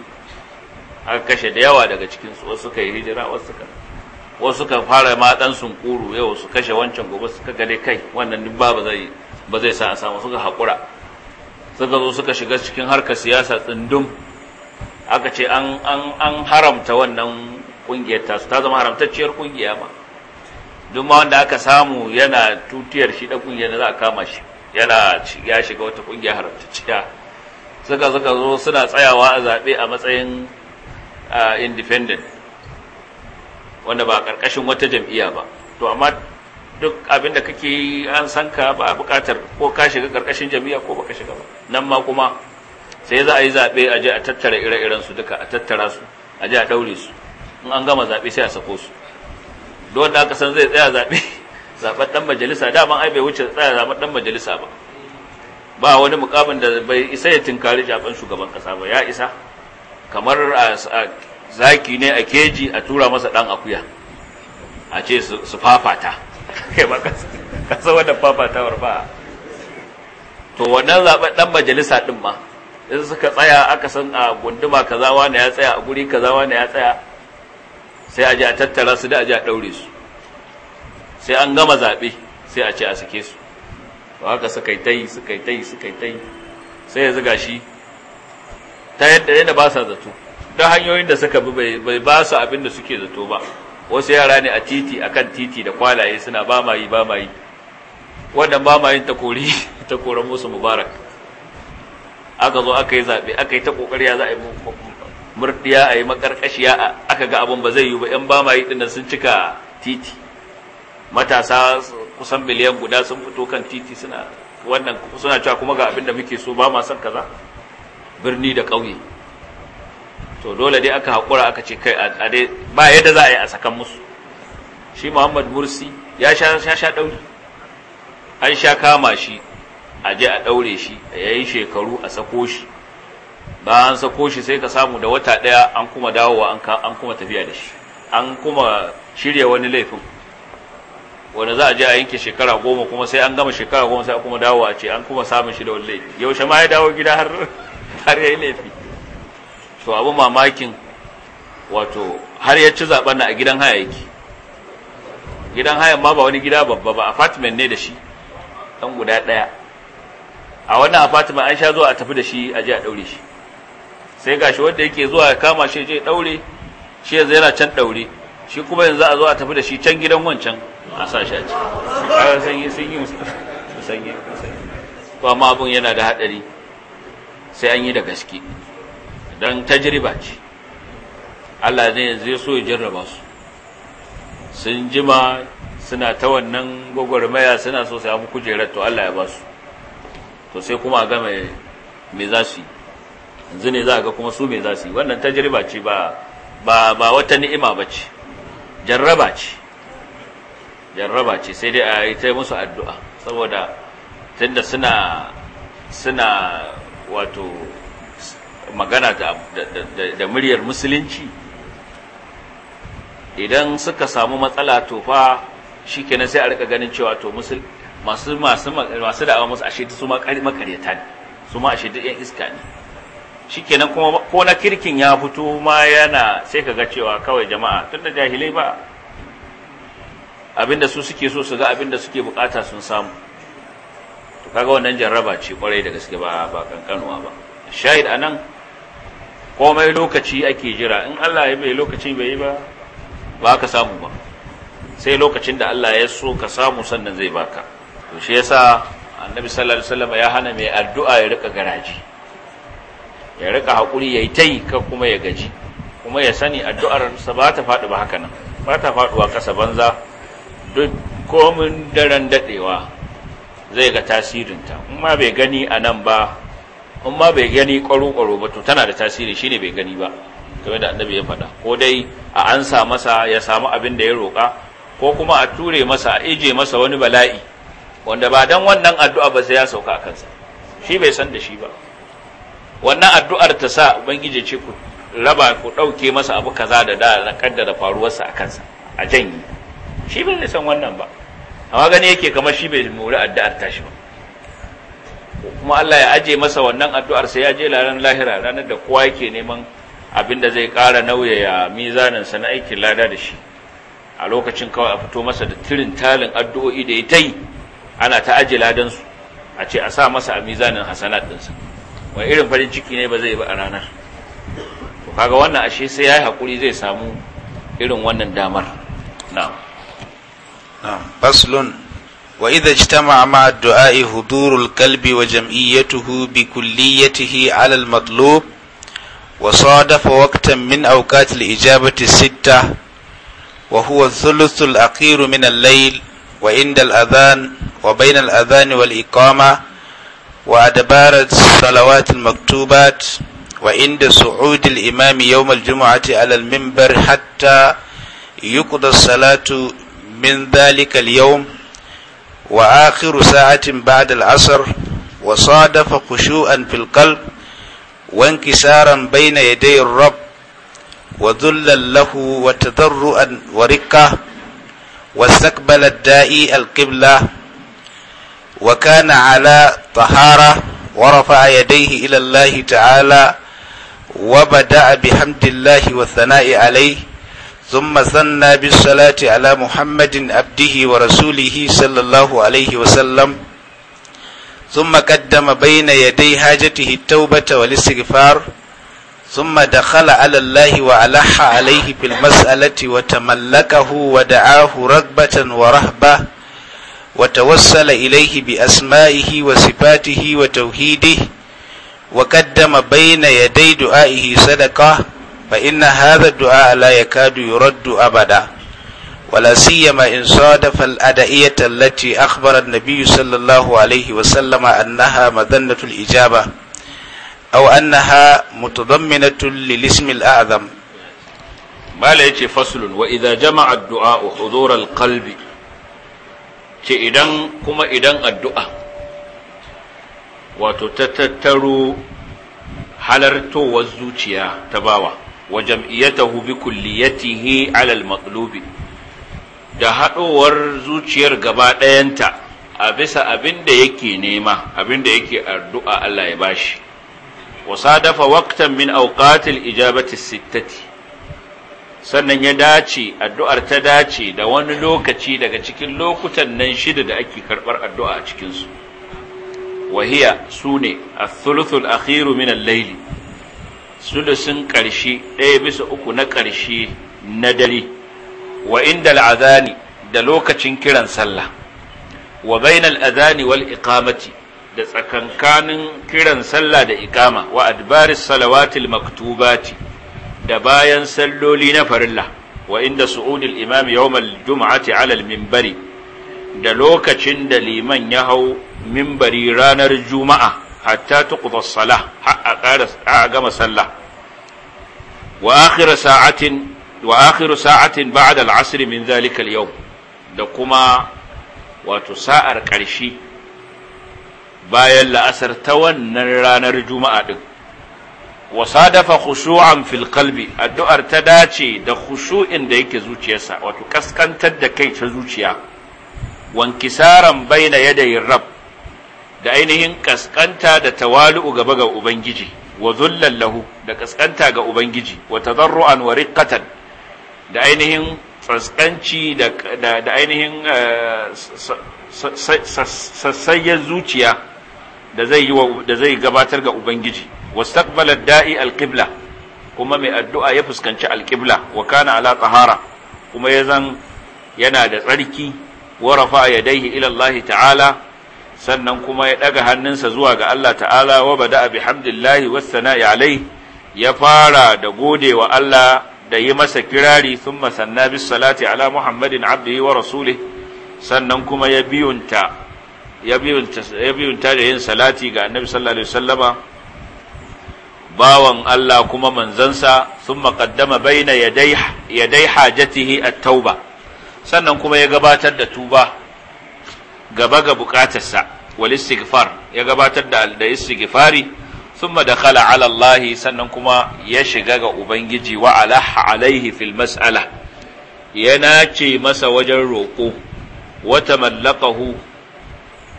aka kashe da yawa daga cikinsu wasu suka yi hijira wasu suka wasu suka fara ma dan sunkuru yau su kashe wancan gobe suka gale kai wannan duk ba zai ba zai sa a samu suka hakura suka zo suka shiga cikin harkar siyasa tsindum aka ce an an an haramta wannan kungiyar tasu ta zama haramtacciyar kungiya ma duk ma wanda aka samu yana tutiyar shi da kungiyar da za a kama shi yana ya shiga wata kungiya haramtacciya suka suka zo suna tsayawa a zaɓe a matsayin independent wanda ba ƙarƙashin wata jam'iyya ba to amma duk abinda kake yi an san ka ba a buƙatar ko ka shiga ƙarƙashin jam'iyya ko baka shiga ba nan ma kuma sai za a yi zaɓe a je a tattara ire-iren su duka a tattara su a je a ɗaure su in an gama zaɓe sai a sako su don da aka san zai tsaya zaɓe zaɓen ɗan majalisa daman ai bai wuce tsaya zaɓen ɗan majalisa ba ba wani mukamin da bai isa ya tinkari zaben shugaban kasa ba ya isa kamar a zaki ne a keji a tura masa dan akuya a ce su fafata kai ba kasa wannan fafatawar ba to wannan zaben ɗan majalisa ɗin ma in suka tsaya aka san a gunduma kaza wani ya tsaya a guri kaza wani ya tsaya sai a ji a tattara su da a ji a ɗaure su sai an gama zaɓe sai a ce a sake su to haka suka yi yi suka yi yi suka yi yi sai ya zuga shi ta yadda yadda ba sa zato don hanyoyin da suka bi bai ba su abin da suke zato ba wasu yara ne a titi a kan titi da kwalaye suna ba ma yi ba ma yi wannan ba ma yin takori ta koran musu mubarak aka zo aka yi zaɓe aka yi ta ƙoƙari za a yi murɗiya a yi maƙarƙashiya aka ga abin ba zai yi ba ‘yan ba ma yi ɗinnan sun cika titi matasa kusan miliyan guda sun fito kan titi suna wannan suna cewa kuma ga abin da muke so ba ma san kaza birni da ƙauye to dole dai aka haƙura aka ce kai a dai ba yadda za a yi a sakan musu shi muhammad mursi ya sha sha sha ɗauri an sha kama shi a je a ɗaure shi a shekaru a sako shi ba an sako shi sai ka samu da wata ɗaya an kuma dawowa an kuma tafiya da shi an kuma shirya wani laifin wanda za a je a yanke shekara goma kuma sai an gama shekara goma sai kuma dawo a ce an kuma samun shi da wani laifi yaushe ma ya dawo gida har har ya yi laifi to abu mamakin wato har ya ci zaben na a gidan haya yake gidan hayan ma ba wani gida babba ba apartment ne da shi dan guda ɗaya. a wannan apartment an sha zuwa a tafi da shi a je a daure shi sai gashi wanda yake zuwa ya kama shi ya je daure shi yanzu yana can daure shi kuma yanzu a zo a tafi da shi can gidan wancan a sashe a sanyi sun yi sanyi amma abun yana da hadari sai an yi da gaske don tajriba ce Allah ne zai so ya jarraba su sun jima suna ta wannan gwagwarmaya suna so su samu kujerar to Allah ya ba su to sai kuma a gama me za su yi yanzu ne za a ga kuma su me za su yi wannan tajriba ce ba ba wata ni'ima ba ce jarraba ce jarraba ce sai dai a yi ta musu addu'a saboda tunda suna suna wato magana da muryar musulunci idan suka samu matsala to fa shikenan sai a rika ganin cewa to musul masu masu masu da'awa musu ashe su ma makaryata ne su ma ashe duk yan iska ne shikenan kuma ko na kirkin ya fito ma yana sai ka ga cewa kawai jama'a tunda jahilai ba abinda su suke so su ga abinda suke bukata sun samu to kaga wannan jarraba ce kwarai da gaske ba ba kankanuwa ba shahid anan komai lokaci ake jira in Allah ya bai lokaci bai yi ba ba ka samu ba sai lokacin da Allah ya so ka samu sannan zai baka to shi yasa annabi sallallahu alaihi wasallam ya hana mai addu'a ya rika garaji ya rika hakuri yayi tai ka kuma ya gaji kuma ya sani addu'ar sa ba ta faɗi ba haka nan ba ta faɗuwa kasa banza duk komin daren dadewa zai ga tasirinta in ma bai gani a nan ba bai gani kwaro-kwaro ba to tana da tasiri shi ne bai gani ba game da annabi ya faɗa ko dai a ansa masa ya samu abin da ya roƙa ko kuma a ture masa a ije masa wani bala'i wanda ba dan wannan addu'a ba sai ya sauka a kansa shi bai san da shi ba wannan addu'ar ta sa ubangiji ce ku raba ku ɗauke masa abu kaza da da na kaddara faruwarsa a kansa a janye shi bai san wannan ba amma gani yake kamar shi bai mori addu'ar tashi ba kuma Allah ya aje masa wannan addu'ar sai ya je ranar lahira ranar da kowa yake neman abin da zai ƙara nauyaya mizanin sa na aikin lada da shi a lokacin kawai a fito masa da tirin talin addu'o'i da ya ta yi ana ta aje ladan su a ce a sa masa a mizanin hasanat ɗinsa wani irin farin ciki ne ba zai ba a ranar to kaga wannan ashe sai ya yi haƙuri zai samu irin wannan damar na'am نعم فصل وإذا اجتمع مع الدعاء حضور القلب وجمعيته بكليته على المطلوب وصادف وقتا من أوقات الإجابة الستة وهو الثلث الأخير من الليل وعند الأذان وبين الأذان والإقامة وأدبار الصلوات المكتوبات وعند صعود الإمام يوم الجمعة على المنبر حتى يقضى الصلاة من ذلك اليوم وآخر ساعة بعد العصر وصادف خشوعا في القلب وانكسارا بين يدي الرب وذلا له وتضرعا ورقة واستقبل الدائي القبلة وكان على طهارة ورفع يديه إلى الله تعالى وبدأ بحمد الله والثناء عليه ثم ثنى بالصلاة على محمد عبده ورسوله صلى الله عليه وسلم ثم قدم بين يدي حاجته التوبة والاستغفار ثم دخل على الله وألح عليه بالمسألة وتملكه ودعاه رغبة ورهبة وتوسل إليه بأسمائه وصفاته وتوحيده وقدم بين يدي دعائه صدقه فإن هذا الدعاء لا يكاد يرد أبدا ولا سيما إن صادف الأدعية التي أخبر النبي صلى الله عليه وسلم أنها مذنة الإجابة أو أنها متضمنة للاسم الأعظم ما ليك فصل وإذا جمع الدعاء حضور القلب كإدن كما إدن الدعاء وتتترو halartowar zuciya ta bawa wa jam'iyyatahu bi kulliyatihi ala al-matlubi da haɗowar zuciyar gaba ɗayanta a bisa abin da yake nema abin da yake addu'a Allah ya bashi wa dafa waqtan min awqatil ijabati sittati sannan ya dace addu'ar ta dace da wani lokaci daga cikin lokutan nan shida da ake karɓar addu'a a cikin su wahiya sune as-thuluthul akhiru min al sulusin ƙarshe ɗaya bisa uku na ƙarshe na dare wa inda al'adhani da lokacin kiran sallah wa bainal adhani wal iqamati da tsakankanin kiran sallah da iqama wa adbaris salawatil maktubati da bayan salloli na farilla wa inda su'udil imam yawmal jum'ati alal mimbari da lokacin da liman ya hau mimbari ranar juma'a hatta tuqda as-salah a ƙara a gama sallah wa akhir sa'atin wa akhir sa'atin ba'da al-'asr min zalika al-yawm da kuma wato sa'ar ƙarshe bayan la'asar ta wannan ranar juma'a din wa sadafa khushu'an fil qalbi addu'ar ta dace da khushu'in da yake zuciyarsa wato kaskantar da kai ta zuciya wankisaran baina yadayin rabb da ainihin kaskanta da tawalu'u gaba ga ubangiji wa dhullan lahu da kaskanta ga ubangiji wa tadarruan wa riqqatan da ainihin tsaskanci da da ainihin eh, sassayen zuciya da zai yi da zai gabatar ga ubangiji wastaqbala da'i alqibla kuma mai addu'a ya fuskanci alqibla wa kana ala tahara kuma ya zan yana da tsarki wa rafa yadayhi ila Allah ta'ala sannan kuma ya ɗaga hannunsa zuwa ga Allah ta'ala wa bada abi hamdillahi alai ya fara da gode wa Allah da yi masa kirari sun masanna bis salati ala muhammadin abdihi wa rasulih sannan kuma ya biyunta ya biyunta da yin salati ga annabi sallallahu alaihi wasallama bawan Allah kuma manzansa sun maƙaddama baina yadai hajatihi at-tauba sannan kuma ya gabatar da tuba gaba ga bukatarsa wal ya gabatar da da istighfari thumma dakhala ala Allah sannan kuma ya shiga ga ubangiji wa alaha alaihi fil mas'ala yana ce masa wajen roko Wata mallakahu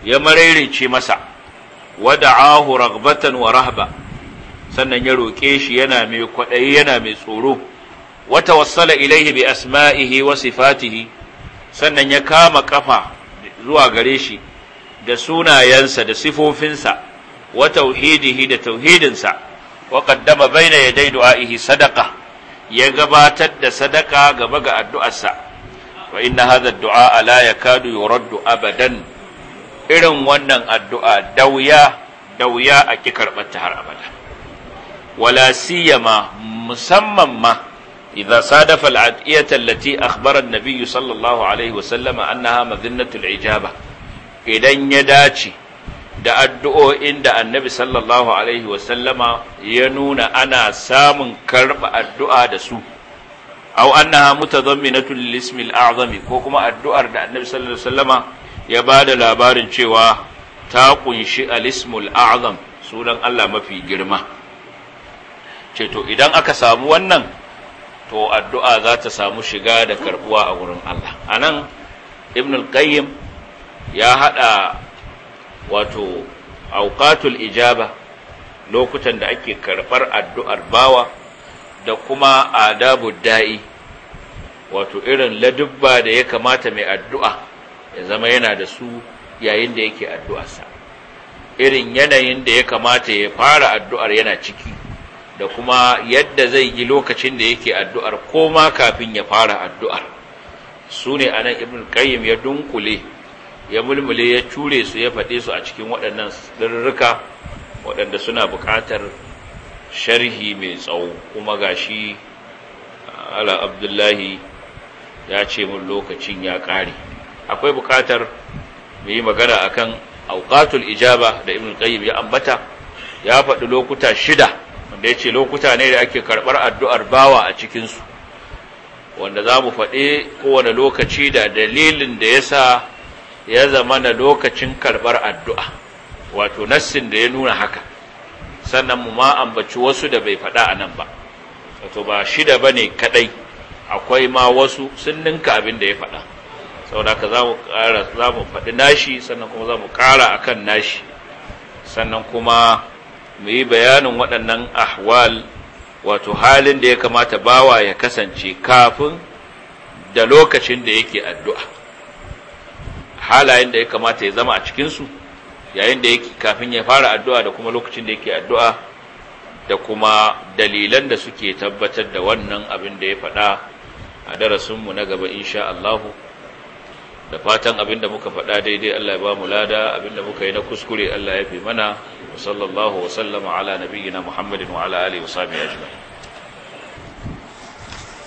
ya marerece masa wa da'ahu wa rahba sannan ya roke shi yana mai yana mai tsoro Wata tawassala ilaihi bi asma'ihi wa sifatihi sannan ya kama kafa zuwa gare shi da sunayensa da sifofinsa wa tauhidihi da tauhidinsa wa qaddama baina yaday du'aihi sadaka, ya gabatar da sadaka gaba ga addu'arsa wa inna hadha ad-du'a la yakadu yuraddu abadan irin wannan addu'a dauya dauya a kikarbata ta har abada wala siyama musamman ma إذا صادف العدئية التي أخبر النبي صلى الله عليه وسلم أنها مذنة العجابة إذن يداتي da addu'o'in da annabi sallallahu Alaihi wasallama ya nuna ana samun karɓa addu'a da su, au annaha mutazamminatun lismil azami ko kuma addu'ar da annabi sallallahu wasallama ya ba da labarin cewa ta ƙunshi alismul azam sunan Allah mafi girma. Ceto, idan aka samu wannan to addu'a za ta samu shiga da karbuwa a wurin Allah anan ibn al-qayyim ya hada wato awqatul ijaba lokutan da ake karbar addu'ar bawa da kuma adabu da'i wato irin ladubba da ya kamata mai addu'a ya zama yana da su yayin da yake addu'arsa irin yanayin da ya kamata ya fara addu'ar yana ciki da kuma yadda zai yi lokacin da yake addu'ar ko ma kafin ya fara addu'ar su ne a nan ibn qayyim ya dunkule ya mulmule ya cure su ya faɗe su a cikin waɗannan tsirrika waɗanda suna buƙatar sharhi mai tsawo kuma ga shi ala abdullahi ya ce mun lokacin ya ƙare akwai buƙatar mu yi magana akan auƙatul ijaba da ibn qayyim ya ambata ya faɗi lokuta shida wanda ya ce lokuta ne da ake karɓar addu'ar bawa a cikinsu wanda za mu faɗi kowane lokaci da dalilin da ya sa ya zama na lokacin karɓar addu'a wato nassin da ya nuna haka sannan mu ma ambaci wasu da bai faɗa a nan ba wato ba shida ba ne kaɗai akwai ma wasu sun ninka abin da ya faɗa saboda ka za mu faɗi nashi sannan kuma za mu ƙara akan nashi sannan kuma mu yi bayanin waɗannan ahwal wato halin da ya kamata bawa ya kasance kafin da lokacin da yake addu'a halayen da ya kamata ya zama a cikinsu yayin da yake kafin ya fara addu'a da kuma lokacin da yake addu'a da kuma dalilan da suke tabbatar da wannan abin da ya faɗa a darasinmu na gaba insha Allahu da fatan abin da muka faɗa daidai Allah ya ba mu lada abin da muka yi na kuskure Allah ya fi mana وصلى الله وسلم على نبينا محمد وعلى آله وصحبه أجمعين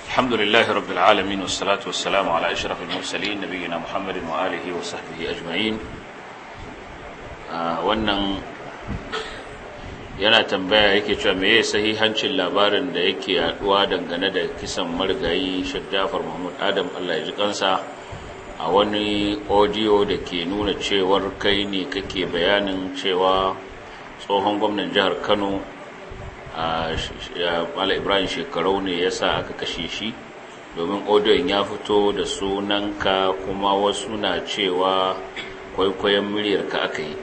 الحمد لله رب العالمين والصلاة والسلام على أشرف المرسلين نبينا محمد وآله وصحبه أجمعين wannan yana tambaya yake cewa me meye sahihancin labarin da yake yaduwa dangane da kisan marigayi Shaddafar Muhammad Adam Allah ya ji kansa a wani audio da ke nuna cewar kai ne kake bayanin cewa tsohon gwamnan jihar kano mala ibrahim shekarau ne ya sa aka kashe shi domin odiyon ya fito da sunanka kuma wasu na cewa kwaikwayon muryarka aka yi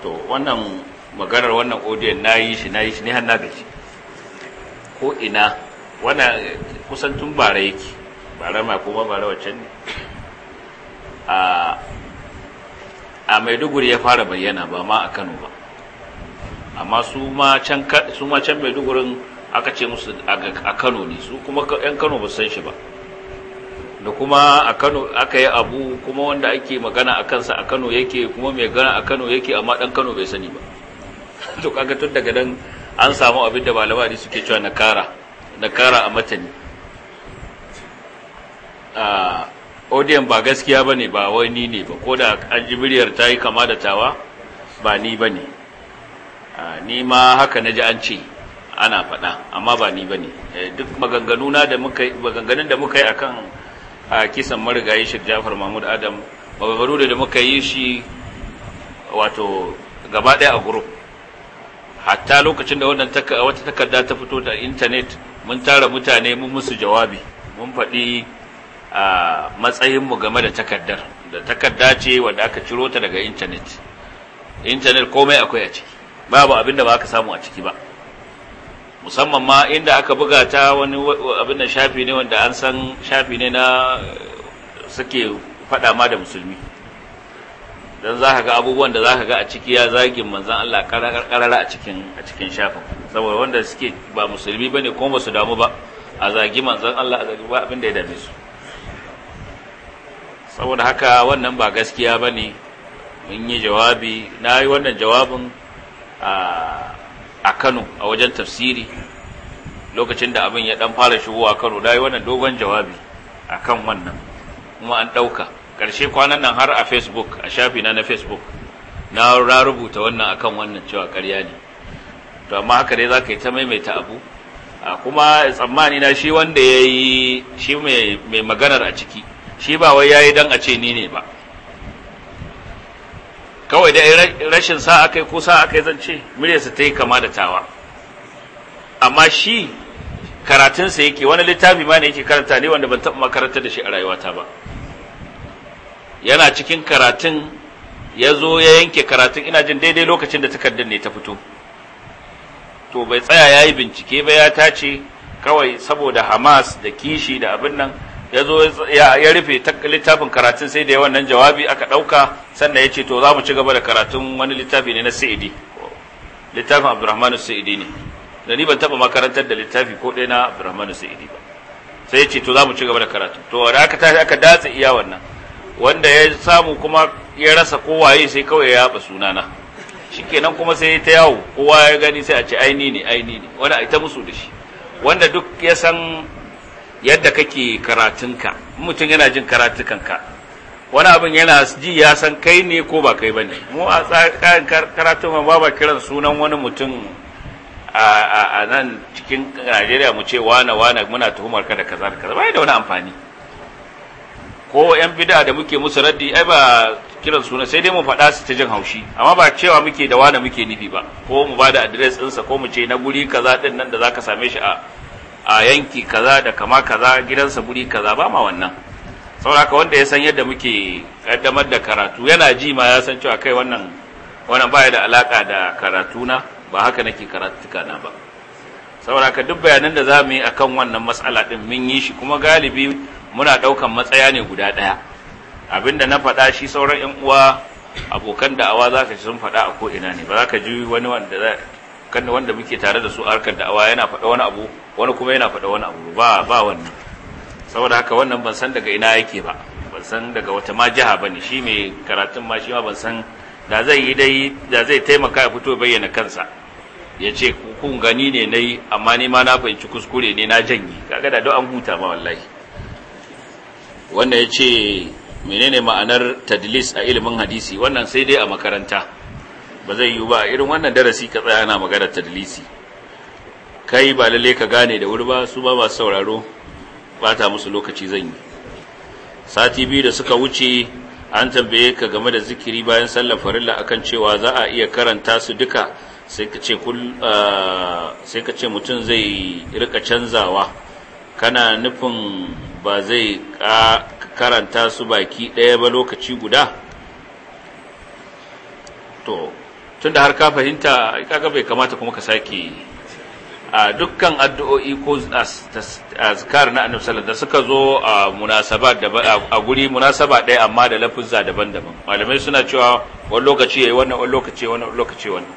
to wannan maganar wannan odiyon na yi shi na yi shi ne hannu gaji ko ina wana kusan tun bara yake bara ma kuma bara wacce ne a maiduguri ya fara bayyana ba ma a kano ba amma su ma can su ma can aka ce musu a Kano ne su kuma yan Kano ba san shi ba da kuma a Kano aka yi abu kuma wanda ake magana a kansa a Kano yake kuma mai gana a Kano yake amma dan Kano bai sani ba to kaga tun daga nan an samu abin da ne suke cewa nakara nakara a matani a odiyan ba gaskiya bane ba wani ne ba ko da an ji ta yi kama da tawa ba ni bane Ah, ni ma haka na ji an ce ana faɗa amma ba ni ba ne eh, duk maganganun da muka yi a kan kisan marigayi shir jafar mahmud adam maganganu da muka yi shi wato gaba ɗaya a gurup hatta lokacin da wannan wata takarda ta fito ta intanet mun tara mutane mun musu jawabi mun faɗi a matsayinmu game da takardar da takarda ce wanda aka ciro ta daga intanet intanet komai akwai a ciki babu abin da ba ka samu a ciki ba musamman ma inda aka buga ta wani abin da shafi ne wanda an san shafi ne na eh, suke fada ma da musulmi don za ka ga abubuwan da za ka ga a ciki ya zagin manzan Allah karara a cikin a cikin shafin saboda wanda suke ba musulmi ba ne kuma su damu ba a zagi manzan Allah a zagi ba abin da ya dame su saboda haka wannan ba gaskiya ba ne mun yi jawabi na yi wannan jawabin a Kano a wajen tafsiri lokacin da abin ya dan fara shigowa Kano dai wannan dogon jawabi akan wannan kuma an dauka karshe kwanan nan har a Facebook a shafi na na Facebook na rubuta wannan akan wannan cewa ƙarya ne to amma haka dai zaka yi ta maimaita abu kuma tsammani na shi wanda yayi shi mai maganar a ciki shi ba wai yayi dan a ce ni ne ba kawai da rashin sa aka ko sa aka yi zance muryarsa ta yi kama da tawa amma shi karatunsa yake wani littafi ma ne yake karanta ne wanda ban taɓa makaranta da shi a rayuwata ba yana cikin karatun ya zo ya yanke karatun ina jin daidai lokacin da takardar ne ta fito to bai tsaya ya yi bincike ba ya tace kawai saboda hamas da kishi da abin nan ya zo ya rufe littafin karatun sai da ya wannan jawabi aka ɗauka sannan ya ce to za mu ci gaba da karatun wani littafi ne na sa'idi littafin abdurrahman sa'idi ne da ni ban taɓa makarantar da littafi ko ɗaya na abdurrahman sa'idi ba sai ya ce to za mu ci gaba da karatu to da aka tashi aka datse iya wannan wanda ya samu kuma ya rasa kowaye sai kawai ya yaba sunana shikenan kuma sai ta yawo kowa ya gani sai a ce aini ne aini ne wani a ita musu da shi wanda duk ya san yadda kake karatunka mutum yana jin karatukanka wani abin yana ji ya san kai ne ko ba kai bane mu a tsakanin karatun ba ba kiran sunan wani mutum a nan cikin Najeriya mu ce wana wana muna tuhumar ka da kaza da kaza bai da wani amfani ko yan bid'a da muke musu raddi ai ba kiran suna sai dai mu faɗa su ta jin haushi amma ba cewa muke da wane muke nufi ba ko mu ba da adres ɗinsa ko mu ce na guri kaza ɗin nan da zaka same shi a a yanki kaza da kama kaza gidansa guri kaza ba ma wannan sauraka wanda ya san yadda muke kaddamar da karatu yana ji ma ya san cewa kai wannan wannan baya da alaka da karatu na ba haka nake karatuka na ba sauraka duk bayanan da za mu yi akan wannan matsala din mun yi shi kuma galibi muna daukan matsaya ne guda daya abinda na faɗa shi sauran yan uwa abokan da'awa zaka ji sun faɗa a ko ina ne ba za ka ji wani wanda kan wanda muke tare da su arkar harkar da'awa yana faɗa wani abu wani kuma yana faɗa wani abu ba ba wannan saboda haka wannan ban san daga ina yake ba ban san daga wata ma jiha bane shi mai karatun ma shi ma ban san da zai yi dai da zai taimaka ya fito bayyana kansa ya ce kun gani ne nayi amma ni ma na fahimci kuskure ne na janye kaga da duk an huta ma wallahi Wannan ya ce menene ma'anar tadlis a ilimin hadisi wannan sai dai a makaranta ba zai yiwu ba irin wannan darasi ka tsaya na magana tadlisi kai ba lalle ka gane da wuri ba su ba masu sauraro bata musu lokaci zan yi sati biyu da suka wuce an tambaye ka game da zikiri bayan sallar farilla akan cewa za a iya karanta su duka sai ka ce sai ka ce mutum zai rika canzawa kana nufin ba zai karanta su baki ɗaya ba lokaci guda tunda har ka fahimta kaga bai kamata kuma ka sake a dukkan addu'o'i ko azkar na annabi sallallahu da suka zo a munasaba a guri munasaba ɗaya amma da lafuzza daban-daban malamai suna cewa wani lokaci yayi wannan wani lokaci wani lokaci wannan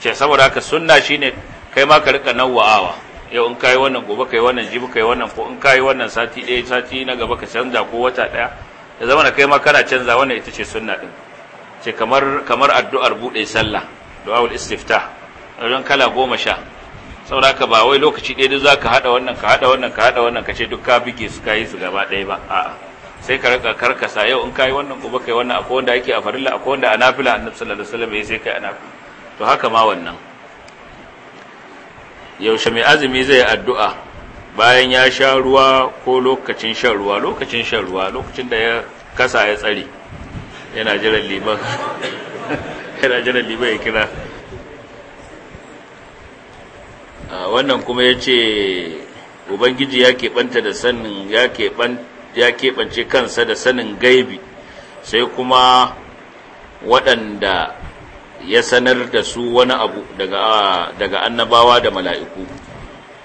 ce saboda haka sunna shine kai ma ka rika nawa'awa yau in kai wannan gobe kai wannan jibi kai wannan ko in kai wannan sati ɗaya sati na gaba ka canza ko wata ɗaya da zama kai ma kana canza wannan ita ce sunna din ce kamar kamar addu'ar bude sallah du'aul istiftah ran kala goma sha saboda ka ba wai lokaci ɗaya duk zaka hada wannan ka hada wannan ka hada wannan ka ce duk ka bige su kai su gaba ɗaya ba a'a sai ka raka karkasa yau in kai wannan gobe kai wannan akwai wanda yake a farilla akwai wanda a nafila annabi sallallahu alaihi wasallam sai kai a nafila to haka ma wannan yaushe mai azumi zai addu'a bayan ya sha ruwa ko lokacin shan ruwa lokacin shan ruwa lokacin da ya kasa ya tsare yana jiran liman yana jiran liman ya kira wannan kuma ya ce ubangiji ya keɓanta da sanin ya keɓance kansa da sanin gaibi sai kuma waɗanda ya sanar da su wani abu daga annabawa da mala'iku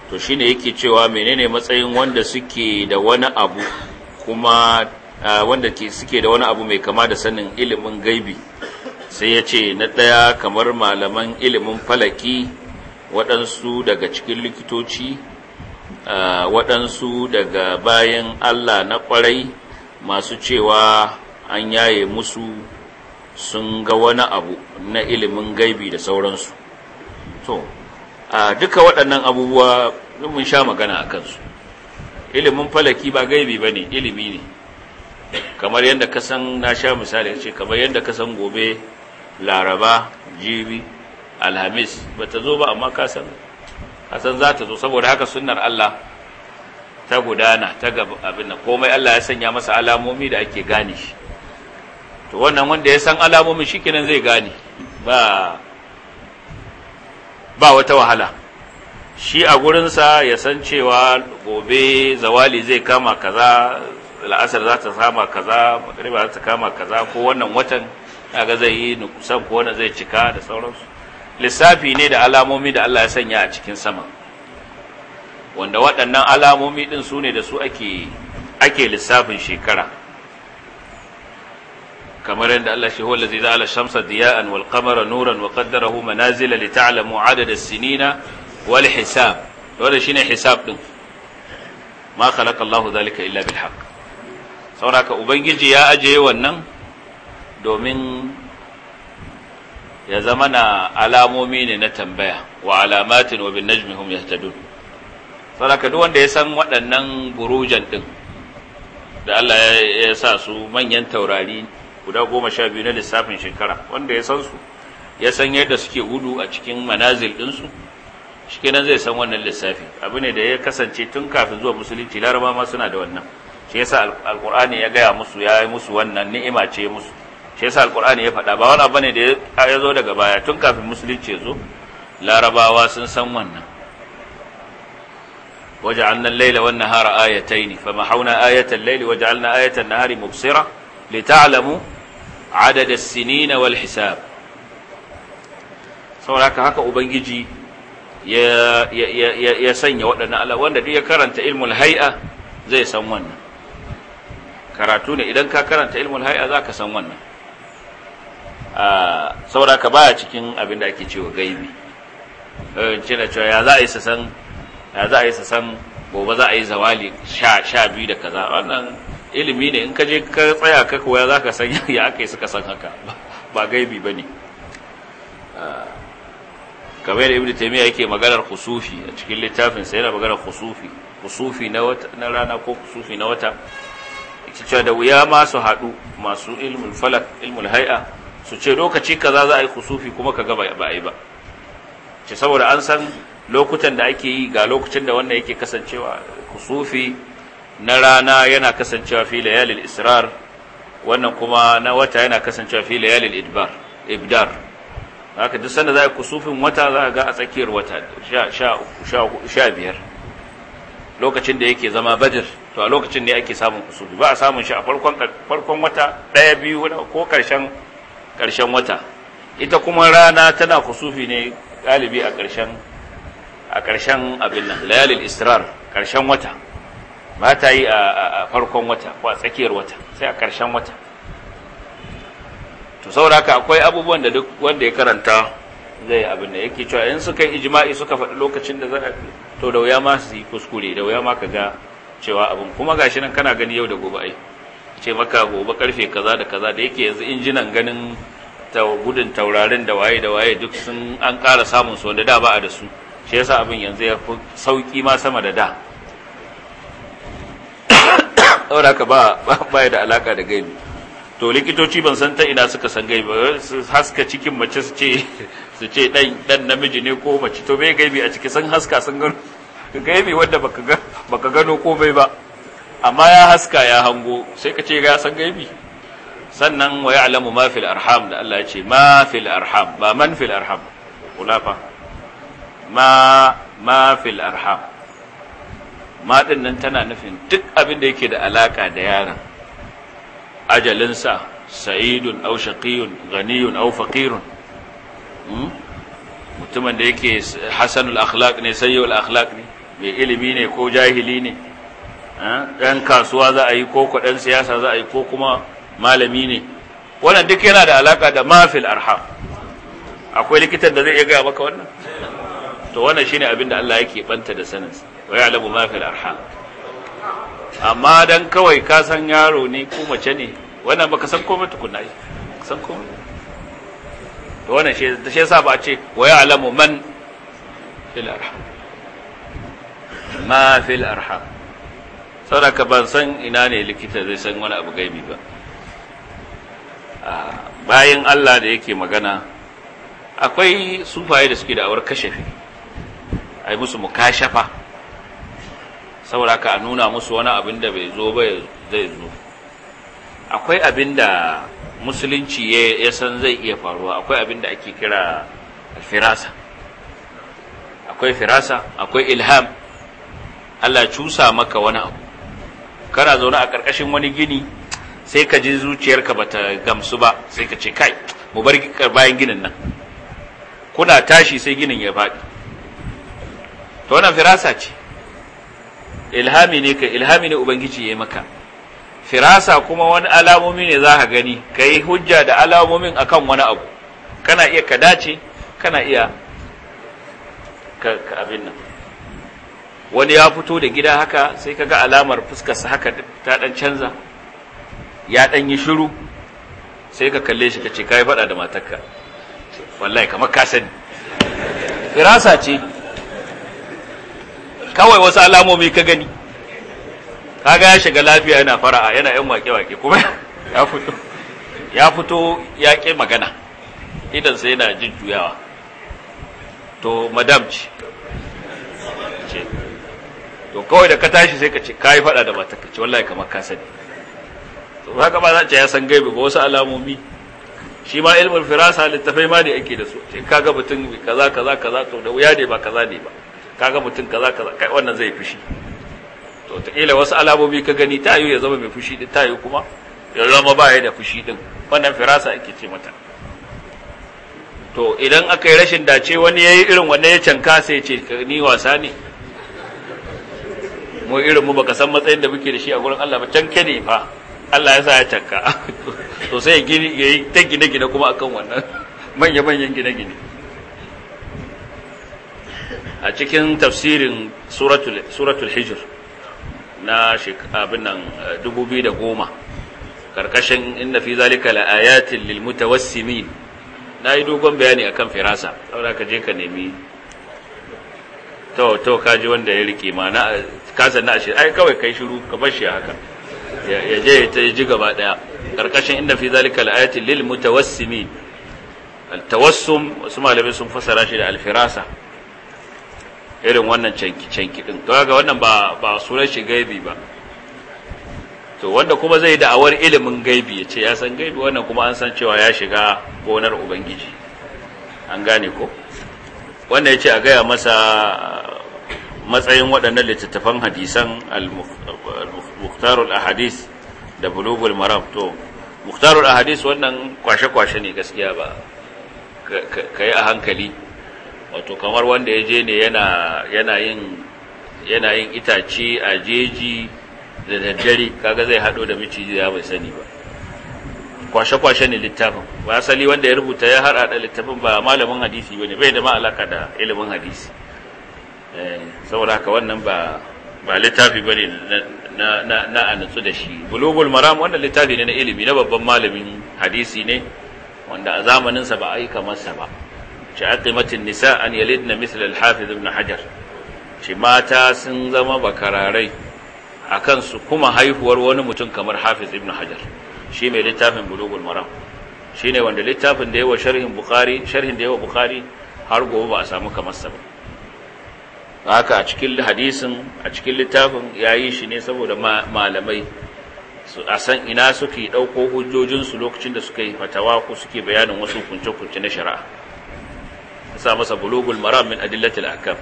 to shine yake cewa menene matsayin wanda suke da wani abu kuma wanda ke suke da wani abu mai kama da sanin ilimin gaibi sai ya ce na ɗaya kamar malaman ilimin falaki waɗansu daga cikin likitoci waɗansu daga bayan allah na ƙwarai masu cewa an yaye musu sun ga wani abu na ilimin gaibi da sauransu to a duka waɗannan abubuwa mun sha magana a kansu ilimin falaki ba gaibi ba ne ilimi ne kamar yadda ka san na sha misali ce kamar yadda ka san gobe laraba jibi alhamis ba ta zo ba amma ka san za ta zo saboda haka sunnar Allah ta gudana ta gaba abin nan komai Allah ya sanya masa alamomi da ake gane shi to wannan wanda ya san alamomi shi kenan zai gane ba ba wata wahala shi a gurinsa ya san cewa gobe zawali zai kama kaza la'asar za ta kama kaza magariba za ta kama kaza ko wannan watan ga zai yi nukusan ko wannan zai cika da sauransu lissafi ne da alamomi da Allah ya sanya a cikin sama wanda waɗannan alamomi din su ne da su ake ake lissafin shekara kamar yadda Allah shi huwa allazi ja'ala shamsa diya'an wal qamara nuran wa qaddarahu manazila li ta'lamu adada sinina wal hisab wanda shine hisab din ma khalaqa Allahu illa bil haqq sauraka ubangiji ya ajiye wannan domin ya zama na alamomi ne na tambaya wa alamatin wa bin najmi hum yahtadun sauraka duk wanda ya san waɗannan burujan din da Allah ya sa su manyan taurari guda goma sha biyu na lissafin shekara wanda ya san su ya san yadda suke gudu a cikin manazil ɗinsu shi kenan zai san wannan lissafi abu ne da ya kasance tun kafin zuwa musulunci laraba ma suna da wannan shi yasa alqur'ani ya gaya musu ya yi musu wannan ni'ima ce musu shi yasa alqur'ani ya faɗa ba wani abu ne da ya zo daga baya tun kafin musulunci ya zo larabawa sun san wannan وجعلنا الليل والنهار آيتين فمحونا آية الليل وجعلنا آية النهار مبصرة لتعلموا عدد wal hisab saboda haka ubangiji ya sanya waɗannan ala wanda duk ya karanta ilmul hai'a zai san wannan karatu ne idan ka karanta ilmul hay'a za san wannan ah, saboda ka baya cikin abin da ake cewa gaibi eh, cina cewa ya za a yi san ya za a yi san gobe za a yi zawali sha sha biyu da kaza wannan ilimi ne in ka je ka tsaya ka koya za ka san ya aka yi suka san haka ba gaibi ba ne ah, kamar ibn taymiya yake maganar khusufi a cikin littafin sa yana maganar khusufi khusufi na na rana ko khusufi na wata cewa da wuya ma su haɗu masu ilmul falak ilmul hai'a su ce lokaci kaza za a yi kusufi kuma ka gaba ba a yi ba ce saboda an san lokutan da ake yi ga lokacin da wannan yake kasancewa kusufi na rana yana kasancewa fi layalil israr wannan kuma na wata yana kasancewa fi layalil idbar ibdar haka duk sanda za a yi kusufin wata za a ga a tsakiyar wata sha biyar lokacin da yake zama badir to a lokacin ne ake samun kusuri ba a samun shi a farkon farkon wata ɗaya biyu ko ƙarshen wata ita kuma rana tana kusufi ne galibi a ƙarshen a ƙarshen abin nan layalil israr ƙarshen wata ba ta yi a farkon wata ko a tsakiyar wata sai a ƙarshen wata to saboda haka akwai abubuwan da duk wanda ya karanta zai abin da yake cewa in suka yi ijma'i suka faɗi lokacin da za a to da wuya ma su yi kuskure da wuya ma ka ga cewa abin kuma gashi nan kana gani yau da gobe ai ce maka gobe karfe kaza da kaza da yake yanzu injinan ganin ta gudun taurarin da waye da waye duk sun an ƙara samun su wanda da ba a da su shi yasa abin yanzu ya fi sauki ma sama da da saboda ka ba ba da alaka da gaibi to likitoci ban san ta ina suka san gaibi su haska cikin mace su ce su ce dan namiji ne ko mace to bai gaibi a ciki sun haska sun gano ka ga mai wanda baka gano ko gano komai ba amma ya haska ya hango sai ka ce ya san gaibi sannan wa ya'lamu ma fil arham da Allah ya ce ma fil arham ba man fil arham fa ma ma fil arham ma din nan tana nufin duk abin da yake da alaka da yaron ajalinsa sa'idun aw shaqiyun ganiyun aw faqirun hmm? mutumin da yake hasanul akhlaq ne sayyul akhlaq ne mai ilimi ne ko jahili ne ɗan kasuwa za a yi ko kuɗin siyasa za a yi ko kuma malami ne wannan duk yana da alaka da mafil arham akwai likitan da zai iya gaya maka wannan to wannan shine abin da Allah yake banta da sanin. wa ya'lamu mafil arham amma dan kawai ka san yaro ne ko mace ne wannan baka san komai tukunna yi san komai to wannan shi shi yasa ba a ce wa ya'lamu man fil arham ma fil arham ban san ina ne likita zai san wani abu gaibi ba ah, bayan Allah da yake magana akwai sufaye da suke da awar kashafi ai musu mukashafa sauraka sauraka a nuna musu wani abin da bai zo ba zai zo akwai abin da musulunci ya san zai iya faruwa akwai abin da ake kira firasa akwai firasa akwai ilham Allah cusa maka wani abu kana zaune a ƙarƙashin wani gini sai ka ji zuciyarka ba ta gamsu ba sai ka ce kai mu bar bayan ginin nan kuna tashi sai ginin ya faɗi to wannan firasa ce ilhami ne ka ilhami ne ubangiji ya yi maka firasa kuma wani alamomi ne za ka gani ka yi hujja da alamomin akan wani abu kana iya ka dace kana iya ka abin nan wani ya fito da gida haka sai ka ga alamar fuskarsa haka ta dan canza ya dan yi shiru sai ka kalle shi ka ce kai fada da matarka wallahi kamar ka sani firasa ce kawai wasu alamomi ka gani ka ga ya shiga lafiya yana fara'a yana yan wake-wake kuma ya fito ya fito ya magana idan sai yana jujjuyawa to madam ce to kawai da ka tashi sai ka ce kai fada da mata ka ce wallahi kamar ka sani to haka ba za ce ya san gaibi ba wasu alamomi shi ma ilmul firasa littafai ma ne ake da su ce kaga mutum kaza kaza kaza to da wuya ne ba kaza ne ba kaga mutum kaza kaza kai wannan zai fushi to ta ila wasu alamomi ka gani ta ya zama mai fushi din ta kuma ya zama ba ya da fushi din wannan firasa ake ce mata to idan aka yi rashin dace wani ya yi irin wanda ya canka sai ce ni wasa ne mu irin mu baka san matsayin da muke da shi a gurin Allah ba can ne fa Allah ya sa ya canka to sai ya yi ta gine-gine kuma akan wannan manya-manyan gine-gine a cikin tafsirin suratul hijir na abin nan 2010 eh, karkashin inna fi zalika la'ayatin lil mutawassimin na yi dogon bayani akan firasa saboda ka je ka nemi to to kaji wanda ya rike mana kasa na shi ai kawai kai shiru ka bar shi haka ya je ta ji gaba daya karkashin inda fi zalika alayati lil mutawassimi al-tawassum wasu malamai sun fasara shi da al irin wannan canki canki din to ga wannan ba ba sunan shi gaibi ba to wanda kuma zai da'awar ilimin gaibi ya ce ya san gaibi wannan kuma an san cewa ya shiga gonar ubangiji an gane ko wanda ya ce a gaya masa matsayin waɗannan littattafan hadisan al ahadis da bulugul maram to ahadis wannan kwashe-kwashe ne gaskiya ba ka yi a hankali wato kamar wanda ya je ne yana yin itace a jeji da daddare kaga zai haɗo da miciji ya bai sani ba kwashe-kwashe ne littafin ba asali wanda ya rubuta ya har da littafin ba malamin hadisi bane bai da ma da ilimin hadisi eh, saboda haka wannan ba littafi bane na na anatsu da shi bulugul maram wannan littafi ne na ilimi na babban malamin hadisi ne wanda a zamaninsa sa ba aika masa ba sha'aqimatin nisa an yalidna misl al-hafiz ibn hajar ce mata sun zama bakararai akan su kuma haihuwar wani mutum kamar hafiz ibn hajar shi mai littafin bulugul maram shine wanda littafin da yawa sharhin bukhari sharhin da yawa bukhari har gobe ba a samu kamar sa ba haka a cikin hadisin a cikin littafin yayi shi ne saboda malamai a san ina suke ɗauko hujjojinsu lokacin da suka yi fatawa ko suke bayanin wasu kunce-kunce na shari'a a sa masa bulugul maram min adillatil akam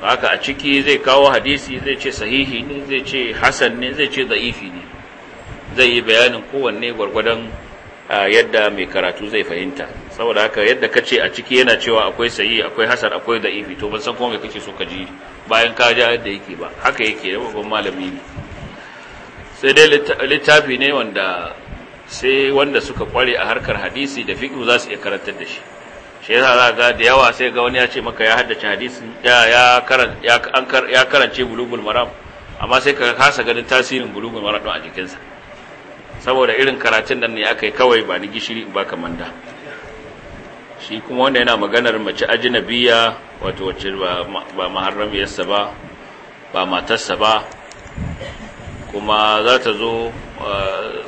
haka a ciki zai kawo hadisi zai ce sahihi ne zai ce hasan ne zai ce za'ifi ne zai yi bayanin kowanne gwargwadon ah, yadda mai karatu zai fahimta saboda haka yadda ka ce a ciki yana cewa akwai sayi akwai hasar akwai da ifi to ban san kuma mai kake so ka ji bayan ka ja yadda yake ba haka yake da babban malami ne sai dai littafi ne wanda sai wanda suka kware a harkar hadisi da fiqh za su iya karantar da shi shi yasa za ga da yawa sai ga wani ya ce maka ya haddace hadisin ya ya karance bulugul maram amma sai ka kasa ganin tasirin bulugul maram a jikinsa saboda irin karatun nan ne aka yi kawai ba ni gishiri ba kaman da shi kuma wanda yana maganar mace ajinabiya wato wacce ba maharramiyarsa ba ba matarsa ba kuma za ta zo eh,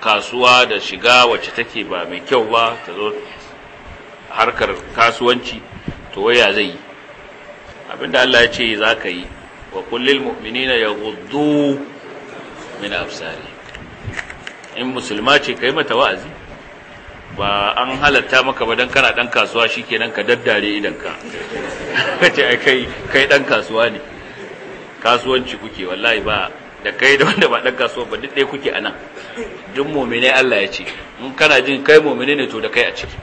kasuwa da shiga wacce take ba mai kyau ba ta zo harkar kasuwanci to waya zai yi abinda Allah ya ce za ka yi wa kullil mu'minina yaghuddu min absari in musulma ce kai mata wa'azi ba an halatta maka ba dan kana dan kasuwa shikenan ka daddare idan ka kace ai kai kai dan kasuwa ne kasuwanci kuke wallahi ba da kai da wanda ba dan kasuwa ba duk ɗaya kuke anan duk mu'mine Allah ya ce in kana jin kai mu'mine ne to da kai a ciki